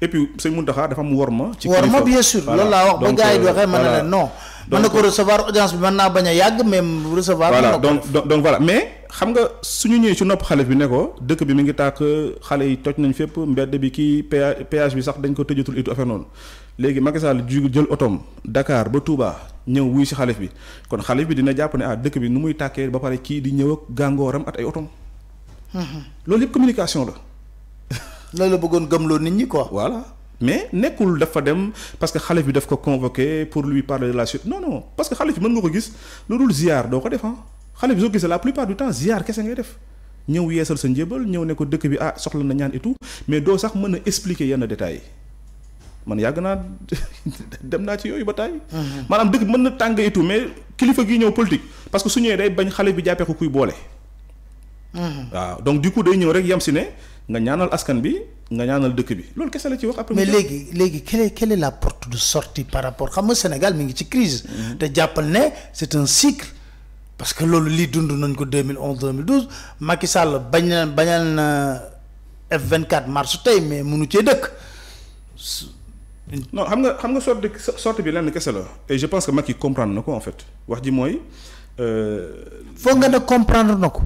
et puis sëñ Mountakha dafa am worma ci ma bien sûr loolu laa wax ba gars yi di waxee mën na non man na ko recevoir audience bi mën naa bañ a yàgg même recevoir voilà donc donc voilà mais xam nga suñu ñëwee ci nopp xalif bi ne ko dëkk bi mi ngi tàkk xale yi toj nañ fépp mbedd bi kii péage bi sax dañ ko tëjatul itu affaire noonu léegi Macky Sall ju jël otoom Dakar ba Touba ñew wuy si xalif bi kon xalif bi dina japp né ah dëkk bi nu muy takké ba paré ki di ñëw ak gangoram at ay otoom. Mhm. loolu yëpp communication la. loolu la bëggoon gëmloo nit ñi quoi. voilà mais nekkul dafa dem parce que xalif bi daf ko convoquer pour lui parler de la suite non non parce que xalif bi mën nga ko gis lu dul ziar do ko def ah xalif bi soo la plupart du temps ziar kese ngay def. ñëw yéssal sa njébal ñëw né ko dëkk bi ah soxla na ñaan et tout mais do sax mëna expliquer yenn détails man et mais kilifa gi politique parce que su day mhm. donc du coup day ñëw rek yam si nga ñaanal askan bi nga ñaanal mais quelle est la porte de sortie par rapport au Sénégal mi ngi crise mhm. c'est un cycle. parce que loolu lii dund nañ ko 2011 2012 Macky Sall F24 mars tey mais munu non xam nga xam nga sorte de sorte bi lenn kese la et je pense que Macky comprendre na ko en fait wax ji mooy. Euh, foog nga ne comprendre na ko.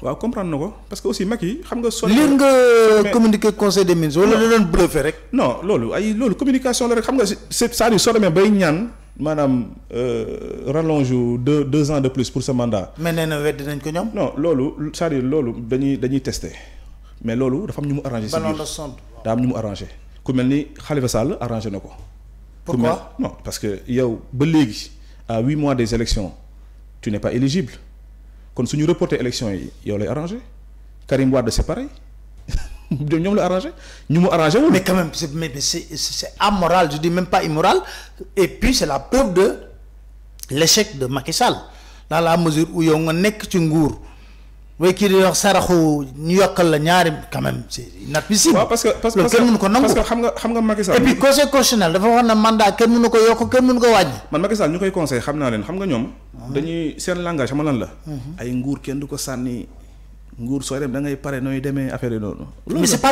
waaw comprendre na ko parce que aussi Macky xam nga. sonné lire nga conseil des ministres wala da doon bluffé rek. non loolu ay loolu communication la rek xam nga c'est-à-dire soo demee bay ñaan. maanaam euh, rallonge deux deux ans de plus pour ce mandat. mais nee na weddi nañ ko ñoom. non loolu ça à loolu dañuy dañuy tester mais loolu dafa am ñu mu arrangé. si biir daa am ñu mu arrangé ku les ni Khalifa Sall arrangé na pourquoi non parce que yow ba obligé à huit mois des élections tu n'es pas éligible kon suñu reporter élection, il yow lay arrangé Karim Ward c'est pareil ñoom la arrangé nous arranger arrangé mais quand même c'est c'est amoral je dis même pas immoral et puis c'est la preuve de l'échec de Macky Sall dans la mesure où yow nga nekk ci ngour oui, qui di wax quand même c'est inadmissible. parce que parce que et puis pas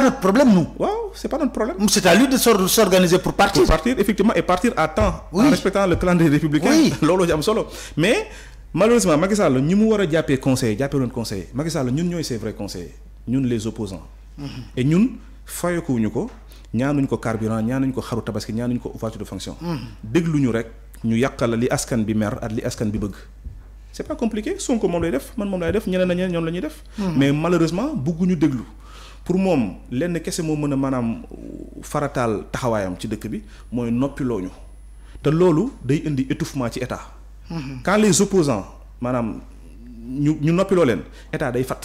notre problème nous. c'est pas notre problème. c'est à lui de s'organiser pour partir. effectivement et partir à temps. le calendrier républicain. républicains mais malheureusement Macky Sall ñi mu des a nous conseiller jàppee ñun vrais les opposants mm-hmm. et ñun des carburants, des carburant tabaski de fonction avons mm-hmm. rek c'est pas compliqué mm-hmm. mais malheureusement bugguñu déglu pour moom lenn a maanaam farataal ci dëkk bi mooy noppilooñu te étouffement de Mhm. quand les opposants maanaam ñu ñu noppiloo leen état day fat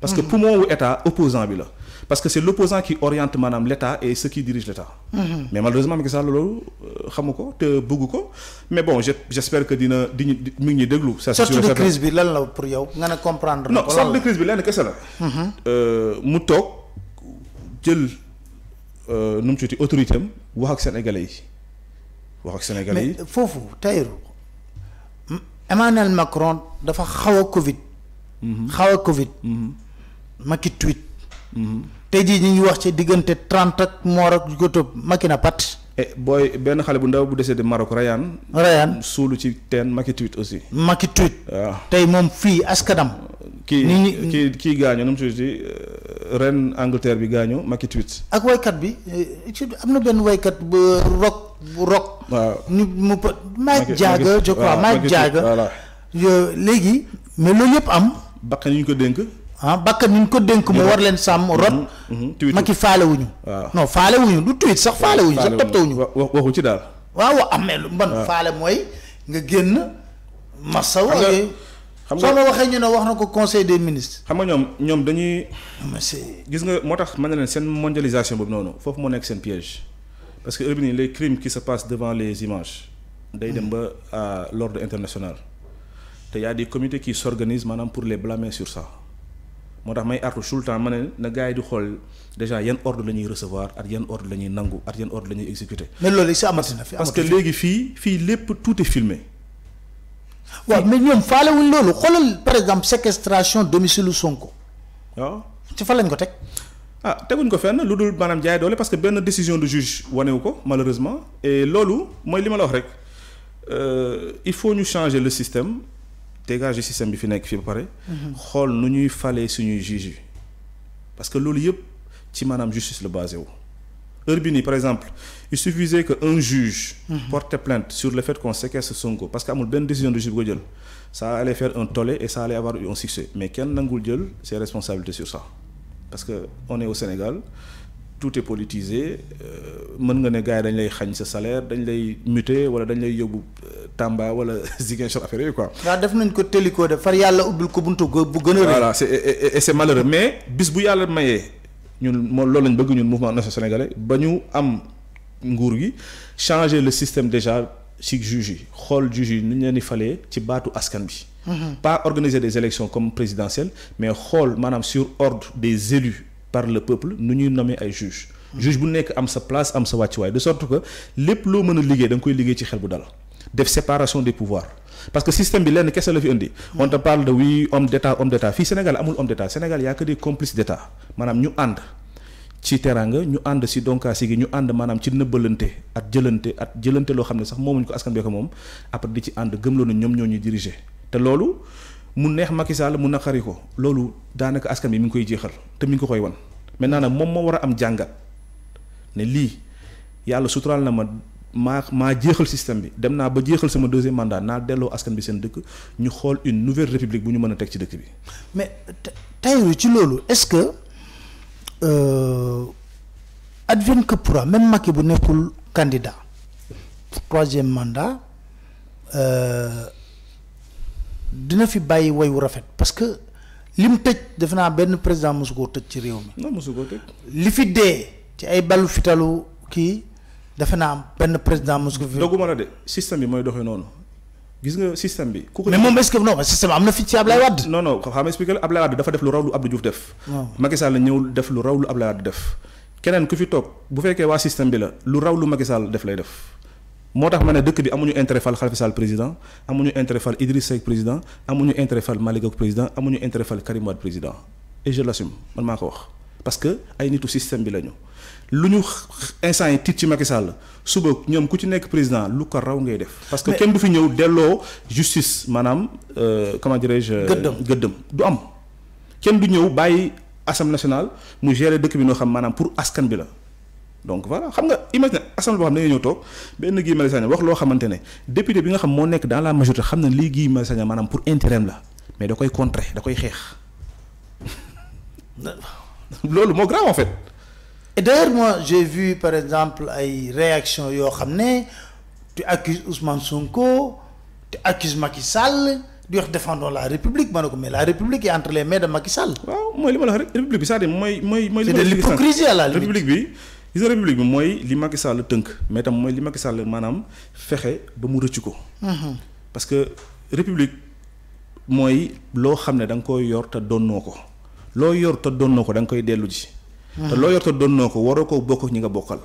parce que mhm. pour moi l'état opposant bi la parce que c'est l'opposant qui oriente madame l'état et ceux qui dirigent l'état mhm. mais malheureusement Macky ça loolu euh, xamuko te bëgguko mais bon j'espère que dina diñu mi déglu ça c'est une crise bi lan la pour yow nga ne comprendre non ça de crise bi ce là la euh, mu tok jël euh num ci autorité wax ak sénégalais yi wax ak sénégalais yi fofu Tahirou Emmanuel Macron dafa xaw a Covid. Mhm. xaw a Covid. Mhm. Macky tweet. Mhm. tey jii ñu ngi wax ci diggante trente ak moor ak gotub Macky na pat. Eh, booy benn xale bu ndaw bu décédé Maroc Rayane. Rayane suulu ci teen Macky tweet aussi. Macky tweet. waaw ah. tey moom fii askanam. kii kii kii gaañu nu mu tuddati euh, ren Angleterre bi gaañu Macky tweet ak waykat bi euh, ci am na benn waykat bu rock bu rock. waaw ñu mu po. Mike Jagger je crois Mike léegi mais loolu yëpp am. bakkan yi ñu ko dénk. ah bakkan yi ko dénk mu war leen sàmm mm-hmm. rot. Mm-hmm. Macky faale wuñu. waaw non faale wuñu du tweet sax faale wuñu. sax toptawuñu waxu ci daal. waaw am na lu man faale mooy nga génn. masawu xam nga soo la waxee ñu ne conseil des ministres. xam nga ñoom ñoom dañuy. gis nga moo tax man na mondialisation boobu noonu foofu moo nekk seen piège parce que heure les crimes qui se passent devant les images. day dem ba à l'ordre international. te y a des comités qui s'organisent maanaam pour les blâmer sur ça moo tax may artu tout le temps ma ne na gars yi di xool déjà yan ordre la ñuy recevoir ak yan ordre la ñuy nangu ak yan ordre la ñuy exécuter. mais loolu si amati na fi parce que léegi fii fii lépp tout est filmé waaw mais fallait faalewuñ loolu xoolal par exemple séquestration domicile Sonko. waaw oh. ci fa lañ ah teg. ah teguñ ko fenn lu dul maanaam jaay doole parce que ben décision de juge wanewu ko malheureusement et lolo moi il est la wax rek euh, il faut ñu changer le système dégager système bi fi nekk fii ba pare. Mhm. xool nu ñuy fallait suñuy juge parce que loolu yëpp ci manam justice le basé wu heure par exemple il suffisait qu'un juge mhm. porte plainte sur le fait qu'on séquestre Sonko parce que amul benn décision de juge ça allait faire un tollé et ça allait avoir un succès mais kenn nangul jël ses responsabilités sur ça parce que on est au Sénégal tout est politisé euh, mën nga ne gars yi dañ lay xañ sa salaire dañ lay muter, wala dañ lay yóbbu euh, Tamba wala Ziguinchor affaire yooyu quoi. ça def nañ ko téliko de far yàlla ubbil ko buntu bu voilà c'est et c'est malheureux mais bis bu yàlla mayee ñun moo loolu lañ bëgg ñun mouvement national sénégalais ba am nguur changer le système déjà si juge rôle du juge n'y nu ñu leen di ci batu askan bi. Mhm. pas organiser des élections comme présidentielles mais rôle manam sur ordre des élus par le peuple nu ñuy nommer ay juges. Mhm. juge bu nek am sa place am sa way de sorte que les lo mëna liggé liggéey koy liggé ci xel bu dal def séparation des pouvoirs. parce que système bi lenn kese la fi indi. Mhm. on te parle de oui homme d'état homme d'état fi Sénégal amul homme d'état Sénégal y' a que des complices d'état manam ñu ci teranga ñu ànd si donkaasi gi ñu ànd maanaam ci nëbbalante ak jëlante ak jëlante loo xam ne sax moomuñ ko askan bi ko moom après di ci ànd gëmloo na ñoom ñoo ñu diriger te loolu mu neex Macky Sall mu naqari ko loolu daanaka askan bi mi ngi koy jéexal te mi ngi ko koy wan naa nag moom moo war a am jàngat ne lii yàlla suturaal na ma maa maa jeexal système bi dem naa ba jeexal sama deuxième mandaa naa delloo askan bi seen dëkk ñu xool une nouvelle république bu ñu mën a teg ci dëkk bi. Euh, advienne que pourra même Macky bu nekkul candidat troisième mandat euh, dina fi bàyyi woyu rafet parce que li mu tëj defe naa benn président mosu tëj ci réew mi. non mosu tëj. li fi dee ci ay ballu fitalu kii defe naa benn président mosu ko fi. dogguma la de système yi mooy doxee noonu. gis nga système bi. ko mais moom est-ce que non système am na fii ci non non xam nga expliqué la Wade dafa def lu raw Abdou Diouf def. Macky def lu raw lu def. keneen ku fi bu système bi la lu raw lu def lay def moo bi Khalifa président amuñu intérêt Idriss président amuñu intérêt président amuñu intérêt président et je l'assume wax parce que ay nitu système bi lañu nous un instant yi nous ci Macky Sall nous avons ku ci de président parce que nous avons fi de justice madame euh, comment dirais-je. gëddëm gëddëm du am. kenn du assemblée nationale nous gérer dëkk bi madame pour askan donc voilà xam nga imagine assemblée boo xam nous avons dit dans la majorité na pour intérim mais da koy contrer da grave en fait. Et d'ailleurs, moi, j'ai vu, par exemple, des réactions, yo, tu accuses Ousmane Sonko, tu accuses Macky Sall, di wax défendons la république mais la république est entre les mains de Macky Sall. waaw mooy li la république cest de l'hypocrisie à la république bi. gis république bi ce li Macky Sall fait mais tam mooy li Macky Sall maanaam fexe ba mu mm-hmm. parce que république mooy loo xam ne da nga koy yor te donnoo ko loo yor te donno ko da nga koy dellu te loo yorta doon noo ko waroo ko bokk ak ñi nga bokkal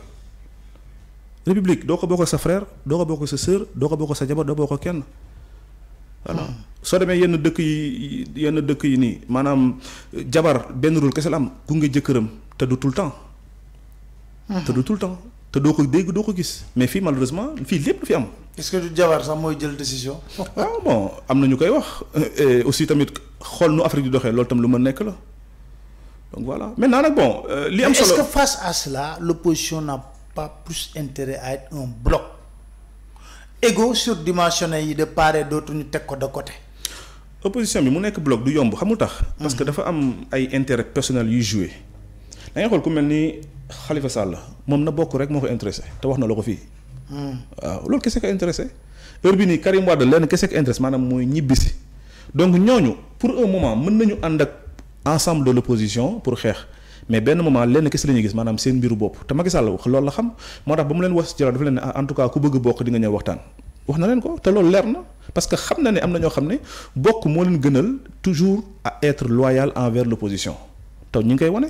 république doo ko bokk sa frère doo ko bokk sa sœur doo ko bokk sa jabar doo bokk ak kenn hmm. soo demee yenn dëkk yi yenn dëkk yi nii maanaam euh, jabar benn rôle kese la am gunge jëkkëram te du tout le temps hmm. te du le temps te doo ko dégg doo ko gis mais fii malheureusement fii lépp du fi am est du jabar sax mooy jël décision waaw ah bon am na ñu koy wax aussi tamit xool nu Afrique di doxee loolu tam lu ma nekk la donc voilà maintenant bon. Euh, li am solo est-ce que face à cela l'opposition n'a pas plus intérêt à être un bloc égo surdimensionné de part et d'autre ñu teg ko de côté. opposition bi mu nekk bloc du yomb xamu tax. Hmm. parce que dafa am ay intérêt personnel yuy jouer. da ngay xool ku mel Khalifa Sall moom na pas rek moo ko intéressé te wax na la ko fii. Hmm. waaw loolu kese ko intéressé heure bi nii Karim Wade lenn kese ko intéressé maanaam mooy ñibbisi donc ñooñu pour un moment mën nañu ànd ensemble de l'opposition pour faire mais ben moment lenn kese lañu gis manam seen mbiru bop te Macky Sall loolu la xam motax tax ba mu leen si dafa ah, en tout cas ku bëgg bok di nga ñëw waxtaan wax na len ko te lool na parce que xam na ne am na ñoo xam ne bokk leen gënal toujours à être loyal envers l'opposition te ñu ngi koy wane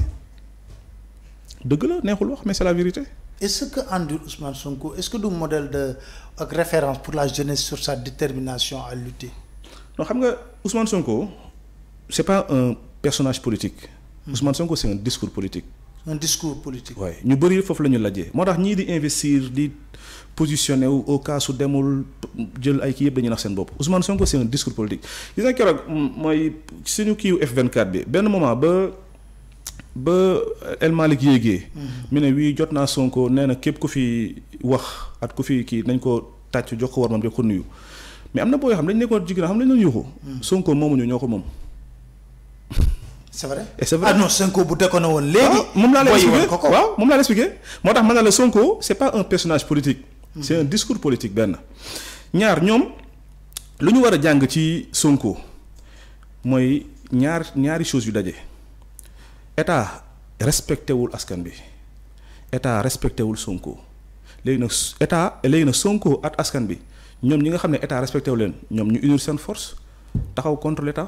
dëgg la neexul wax mais c'est la vérité. est-ce que Andrew Ousmane Sonko est-ce que du modèle de référence pour la jeunesse sur sa détermination à lutter. non xam nga Ousmane Sonko c'est pas un personnage politique. Hmm. Ousmane Sonko c'est un discours politique. un discours politique. waaye ñu bëri foofu de ñu lajjee moo tax ñii di investir di positionner au cas où demul jël ay kii yëpp dañuy nax seen bopp Ousmane Sonko c'est un discours politique. gis nga keroog nous suñu kiiw F24 bi benn moment ba ba El malik yéegee. Hmm. mu ne wii jot Sonko nee kep ko fi wax at ko fi ki nañ ko tàcc jox ko war mom jox ko nuyu mais amna na xam dañ nekkoon jigéen xam dañ doon yuuxu. Hmm. Sonko moomuñu ñoo ko moom c'est vrai c'est vrai ah non Sonko C'est vrai? C'est vrai? C'est c'est pas un personnage politique. Hmm. c'est un discours politique C'est ñaar C'est lu ñu vrai? a vrai? c'est Sonko C'est choses yu état respecté respecte askan bi état respecté vrai? Sonko vrai? C'est état C'est vrai? Sonko at askan nga force contre l'état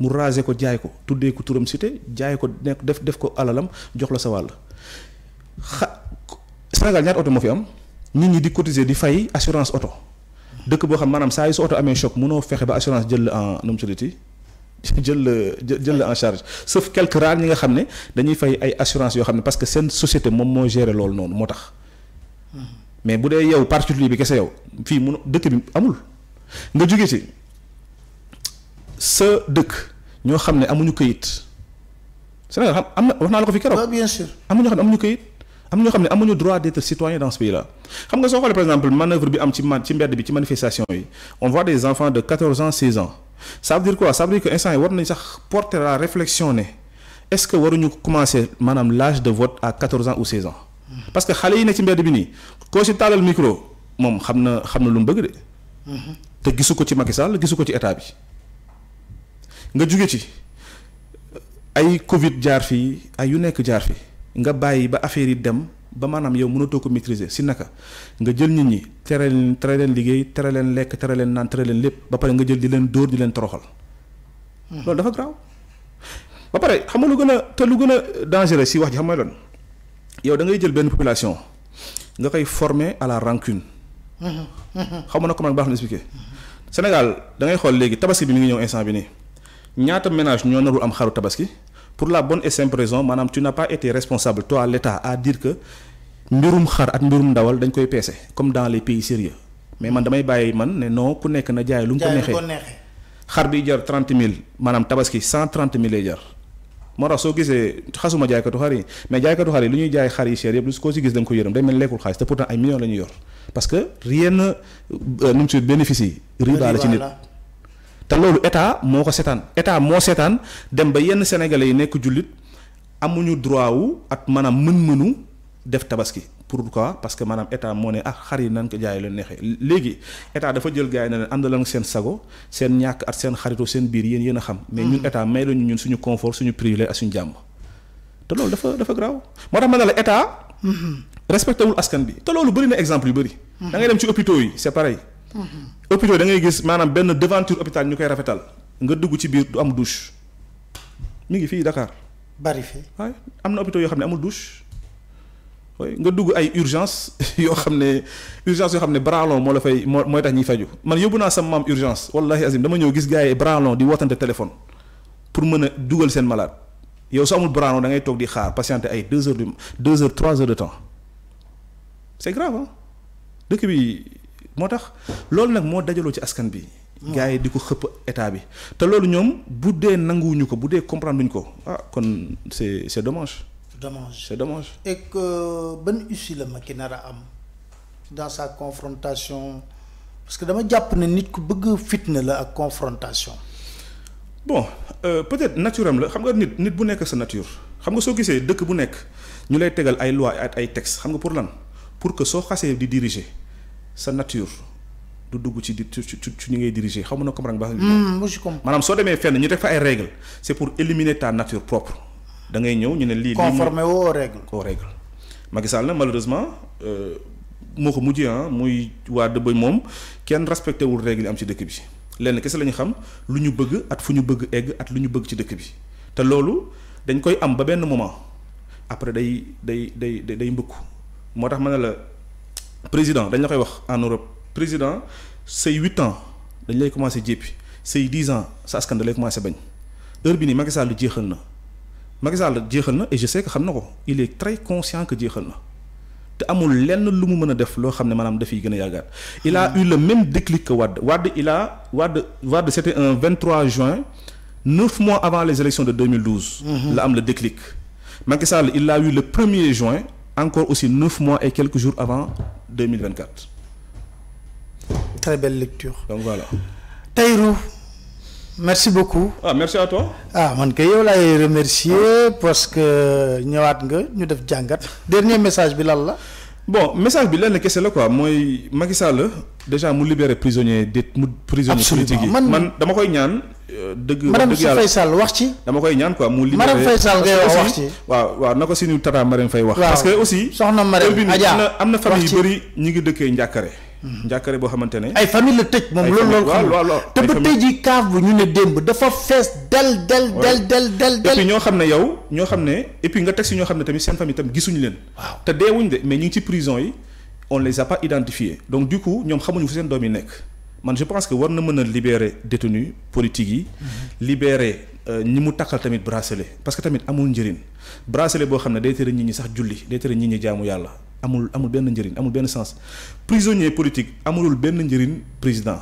mu raser ko jaay ko tuddé ko cité jaay ko def def ko alalam jox la sa Sénégal auto fi am nit ñi di cotiser di fay assurance auto dëkk boo xam choc assurance en jël en charge sauf quelques rares ñi nga ne dañuy fay ay assurance parce que une société moom moo géré loolu noonu hmm. mais bu dee particulier bi kese yow fii mun bi amul nga ce dëkk ñoo xam ne amuñu këyit Sénégal xam am na wax naa la ko fi bien sûr am na ñoo xam ne amuñu këyit amuñu droit d'être citoyen dans ce pays là. xam nga soo xoolee par exemple manœuvre bi am ci man ci bi ci manifestation yi on voit des enfants de 14 ans 16 ans ça veut dire quoi ça veut dire que instant yi war sax porter la réflexion ne est-ce que waruñu commencer maanaam l'âge de vote à 14 ans ou 16 ans. parce que xalé yi ne ci mbedd bi ni ko ci talal micro mom xamna xamna xam na lu mu bëgg de. Mhm. te gisu ko ci Macky Sall gisu ko ci état bi. nga jóge ci ay Covid jaar fii ay yu nekk jaar fi nga bàyyi ba affaire yi dem ba maanaam yow mënatoo ko maîtriser si naka nga jël nit ñi tere leen tere leen liggéey tere leen lekk tere leen naan tere leen lépp ba pare nga jël di leen dóor di leen toroxal. Hmm. loolu dafa garaaw. ba pare xam ma lu gën a te lu gën a dangereux si wax ji xam nga lan yow da ngay jël benn population nga koy former à la rancune. Hmm. Hmm. xam nga nag comment baax na expliqué. Sénégal da ngay xool léegi tabaski bi mi ngi ñëw instant bi nii. ñaata ménage ñoo narul am xaru tabaski pour la bonne et simple raison manam tu n'as pas été responsable toi l'État à dire que mbirum xar ak mbirum ndawal dañ koy peese comme dans les pays sérieux mais man damay bàyyi man né non ku nekk na jaay lu ko nexé xar bi jar trente mille tabaski 130 000 mille lay jar moo tax soo gisee xasuma jaaykatu xar yi mais jaaykatu xar yi lu ñuy jaay xar yi cher yëpp lu ko si gis da nga ko yërëm day mel lekkul xaalis te pourtant ay millions la ñuy yor parce que rien euh, nu mu si bénéficie riba la ci nit te loolu état moo ko seetaan état moo seetaan dem ba yenn sénégalais yi nekk jullit amuñu droit wu ak maanaam mën-mënu def tabaski pourquoi parce que maanaam état moo ne ah xar yi nan ko jaay leen neexee léegi état dafa jël gars yi ne leen àndaloon seen sago seen ñàkk at seen xaritu seen biir yéen yéen a xam. mais ñun mm. état may lañu ñun suñu confort suñu privilège ak suñu jàmm te loolu dafa dafa graaw moo tax ma ne la état. Mm-hmm. respecté wul askan bi te loolu bëri na exemple yu bëri. Mm-hmm. da ngay dem ci hôpitaux Mm-hmm. hôpitaux da ngay gis maanaam benn devanture hôpital ñu koy rafetal nga dugg ci biir du am douche mi ngi fii Dakar. bari fi waaye am na hôpitaux yoo xam ne amul douche ooy nga dugg ay urgence yoo xam ne urgence yoo xam ne branlon moo la fay moo mooy tax ñuy faju man yóbbu naa sama maam urgence wallahi azim dama ñëw gis gars yi branlon di wootante téléphone pour mën a dugal seen malade yow su amul branlon da ngay toog di xaar patienté ay deux heures du deux heures trois heures de temps c'est grave ah dëkk bi ci askan bi. di ko état bi te c'est dommage. c'est dommage. et que ban issue la pas, am dans sa confrontation parce que dama jàpp ne nit ku bëgg fitna la confrontation. bon euh, peut-être naturellement, la xam nga nit nit bu nature xam nga soo gisee dëkk bu loi textes pour pour que soo xasee di diriger sa nature du dugg ci di ci ni ngay diriger xam nga comme ba. maanaam soo demee fenn ñu def fa ay règles c'est pour éliminer ta nature propre da ngay ñew ñu né li conformer aux règles aux règles. Macky Sall na malheureusement euh moko mujjee hein muy waa Dëbëj mom kenn respecté wul règles am ci dëkk bi lenn kess lañu xam luñu bëgg at fuñu bëgg egg at luñu bëgg ci dëkk bi te lolu dañ koy am ba ben moment après day day day day mbëkku motax tax la président dañ la koy wax en Europe président c'est 8 ans dañ lay commencé jéppi c'est 10 ans ça askan da lay commencé bañ heure bi nii Macky Sall jeexal na Macky Sall jeexal na et je sais que xam ko il est très conscient que jeexal na te amul lenn lu mu mën a def loo xam ne maanaam dafiy gën a yàggaat il a hmm. eu le même déclic que Wad. Wad, il a Wad, Wad c'était un 23 juin 9 mois avant les élections de 2012. Hmm. la am le déclic Macky Sall il a eu le 1er juin encore aussi 9 mois et quelques jours avant. 2024. Très belle lecture. Donc voilà. Taïrou, merci beaucoup. Ah, merci à toi. Ah, man, que je voulais remercier parce que nous avons fait Dernier message, Bilal. Bon, message bi qu'est c'est le quoi moy Macky Sall déjà mou libérer prisonnier d'être prisonnier politique man dama koy ñaan madame Faisal madame Faisal wax ci. waaw waaw tata parce que aussi. je en de famille hmm. famille la del del del del del famille de mais prison yi on les a pas identifiés donc du coup ñoom en je pense que war les libérer détenus politiques yi. Mhm. libérer euh, ñi mu tamit bracelet parce que tamit amul njëriñ détenus, les détenus, day nit ñi sax julli day nit ñi jaamu amul amul ben njëriñ amul sens prisonnier politique amulul ben njëriñ président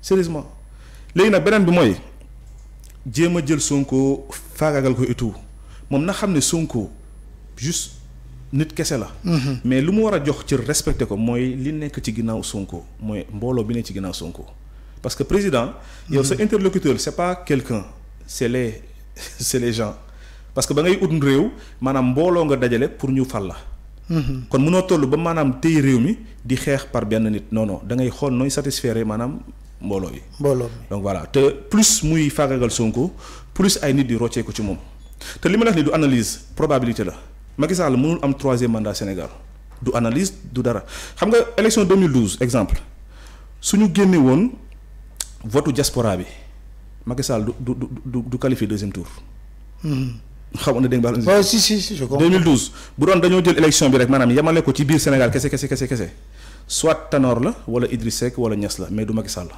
sérieusement légui y détenus, bi moy Sonko fagagal ko et tout na Sonko juste nit kese la. Mhm. mais lu mu wara jox ci respecté ko moy li nekk ci ginnaaw Sonko moy mbolo bi ne ci ginnaaw Sonko parce que président. yow sa mhm. interlocuteur c'est pas quelqu'un c'est les c'est les gens parce que ba ngay ut rew manam mbolo nga dajale pour ñu fal la. Mhm. kon mëno tollu ba manam tey rew mi di xex par ben nit non non da ngay xol noy satisfaire manam mbolo bi. mbolo donc voilà te plus muy faagagal Sonko plus ay nit di roccee ko ci mom te li ma la wax ni du analyse probabilité la. Macky Sall mënul am troisième mandat Sénégal du analyse du dara xam nga élection 2012 exemple suñu génne won vote diaspora bi Macky Sall du du du du qualifié deuxième tour. Hmm. xamoon na dégg nga. waaw si si si je comprends 2012 bu doon dañu jël élection bi rek maanaam yemale ko ci biir Sénégal kese kese qu'est-ce? soit Tanor la wala Idriss Seck wala Niass la mais du Macky Sall.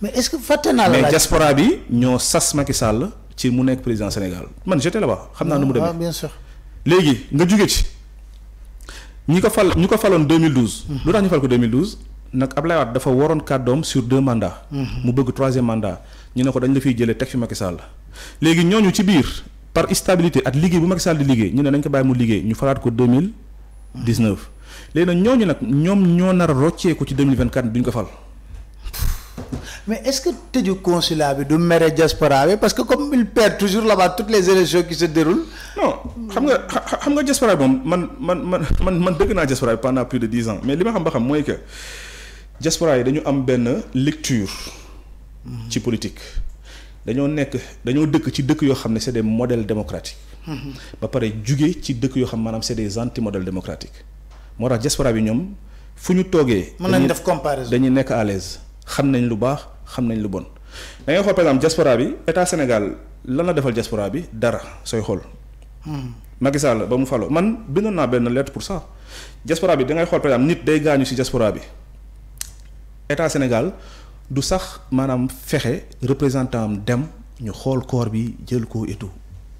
mais est-ce que fàtte la mais diaspora bi ño sas Macky Sall ci mu nek président Sénégal man j'étais là-bas. xam naa nu mu Ah bien sûr. léegi nga jóge ci ñi ko fal ñu ko faloon 2012. Mhm. lu tax ñu fal ko 2012 nag Ablaye Wade dafa waroon kàddoom sur deux mandats. Mhm. mu bëgg troisième mandat ñu ne ko dañ la fiy jëlee teg fi Macky Sall léegi ñu ci biir par stabilité ak liggéey bu Macky Sall di liggéey ñu ne nañ ko bàyyi mu liggéey ñu falaat ko 2019. Mhm. léegi nag ñooñu nag ñoom ñoo nar a rocceeku ci 2024 duñ ko fal. mais est-ce que tu es du consulat de du diaspora parce que comme il perd toujours là-bas toutes les élections qui se déroulent. non xam nga xam nga diaspora je suis man man man man diaspora pendant plus de 10 ans mais ce que xam ba xam c'est que diaspora yi une am lecture. politique. c'est des modèles démocratiques. ba pare ci xam c'est des anti modèles démocratiques moo tax diaspora bi à l'aise xam nañ lu baax xam nañ lu bon da ngay xool par exemple diaspora bi état Sénégal lan la defal diaspora bi dara sooy xool. Hmm. Macky Sall ba mu falo man bindoon naa benn lettre pour sax diaspora bi da ngay xool par exemple nit day gaañu ci diaspora bi état Sénégal du sax maanaam fexe représentant am dem ñu xool corps bi jël ko et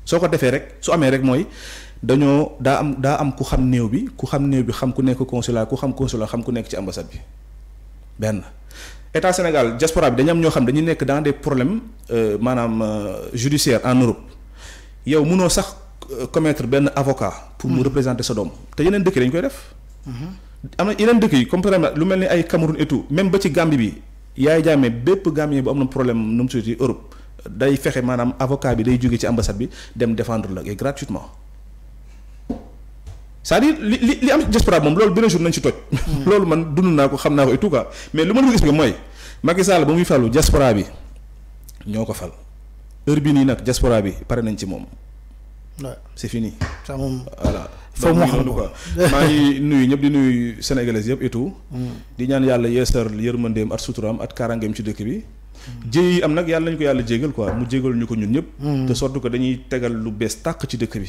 soo ko defee rek su amee rek mooy dañoo daa am daa am ku xam néew bi ku xam néew bi xam ku nekk consulat ku xam consulat xam ku nekk ci ambassade bi état Sénégal diaspora bi dañu am ñoo xam dañu nekk dans des problèmes euh, maanaam euh, judiciaire en Europe yow mënoo sax euh, commettre benn avocat. pour mu hmm. représenter sa doom te yeneen dëkk dañ koy def. Hmm. am na yeneen dëkk yi comme par exemple lu mel ni ay Cameroun et tout même ba ci Gambie bi yaay jaamee bépp Gambien bu am na problème num mu Europe day fexe maanaam avocat bi day jóge ci ambassade bi dem défendre la gratuitement. c'est-à-dire li li li am diaspora moom loolu benn jour nañ ci toj. Hmm. loolu man dund naa ko xam naa ko et tout mais lu ma leen expliquer mooy Macky Sall ba muy falu diaspora bi ñoo ko fal heure bi nii nag diaspora bi pare nañ ci moom. waaw c'est fini. ça moom voilà foofu moo xam quoi maa ngi nuyu ñëpp di nuyu sénégalais yëpp et hmm. di ñaan yàlla yeesar yërmandeem at suturaam at kaaraangeem ci dëkk bi. Hmm. jéy yi am nag yàlla nañu ko yàlla jégal ko mu jégal ñu ko ñun ñëpp. de dañuy tegal lu bees tàq ci dëkk bi.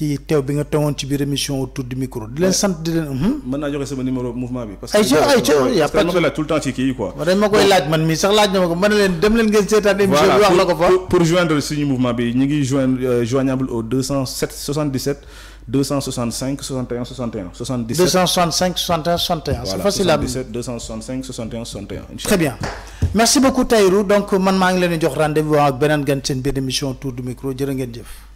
était était bi nga a ci une émission autour du micro di je sant di leen. Hmm? numéro mouvement parce que ay il y' a pas de tout le temps ci quoi. Voilà. ma koy je man mii sax na pour joindre ce mouvement bi ñu euh, joignable au 207 265 61 61. 265 61 61. c'est facile 265 61 61. très bien merci beaucoup Taïrou. donc man maa ngi rendez-vous avec benen Gantien, seen émission autour du micro Je ngeen jëf.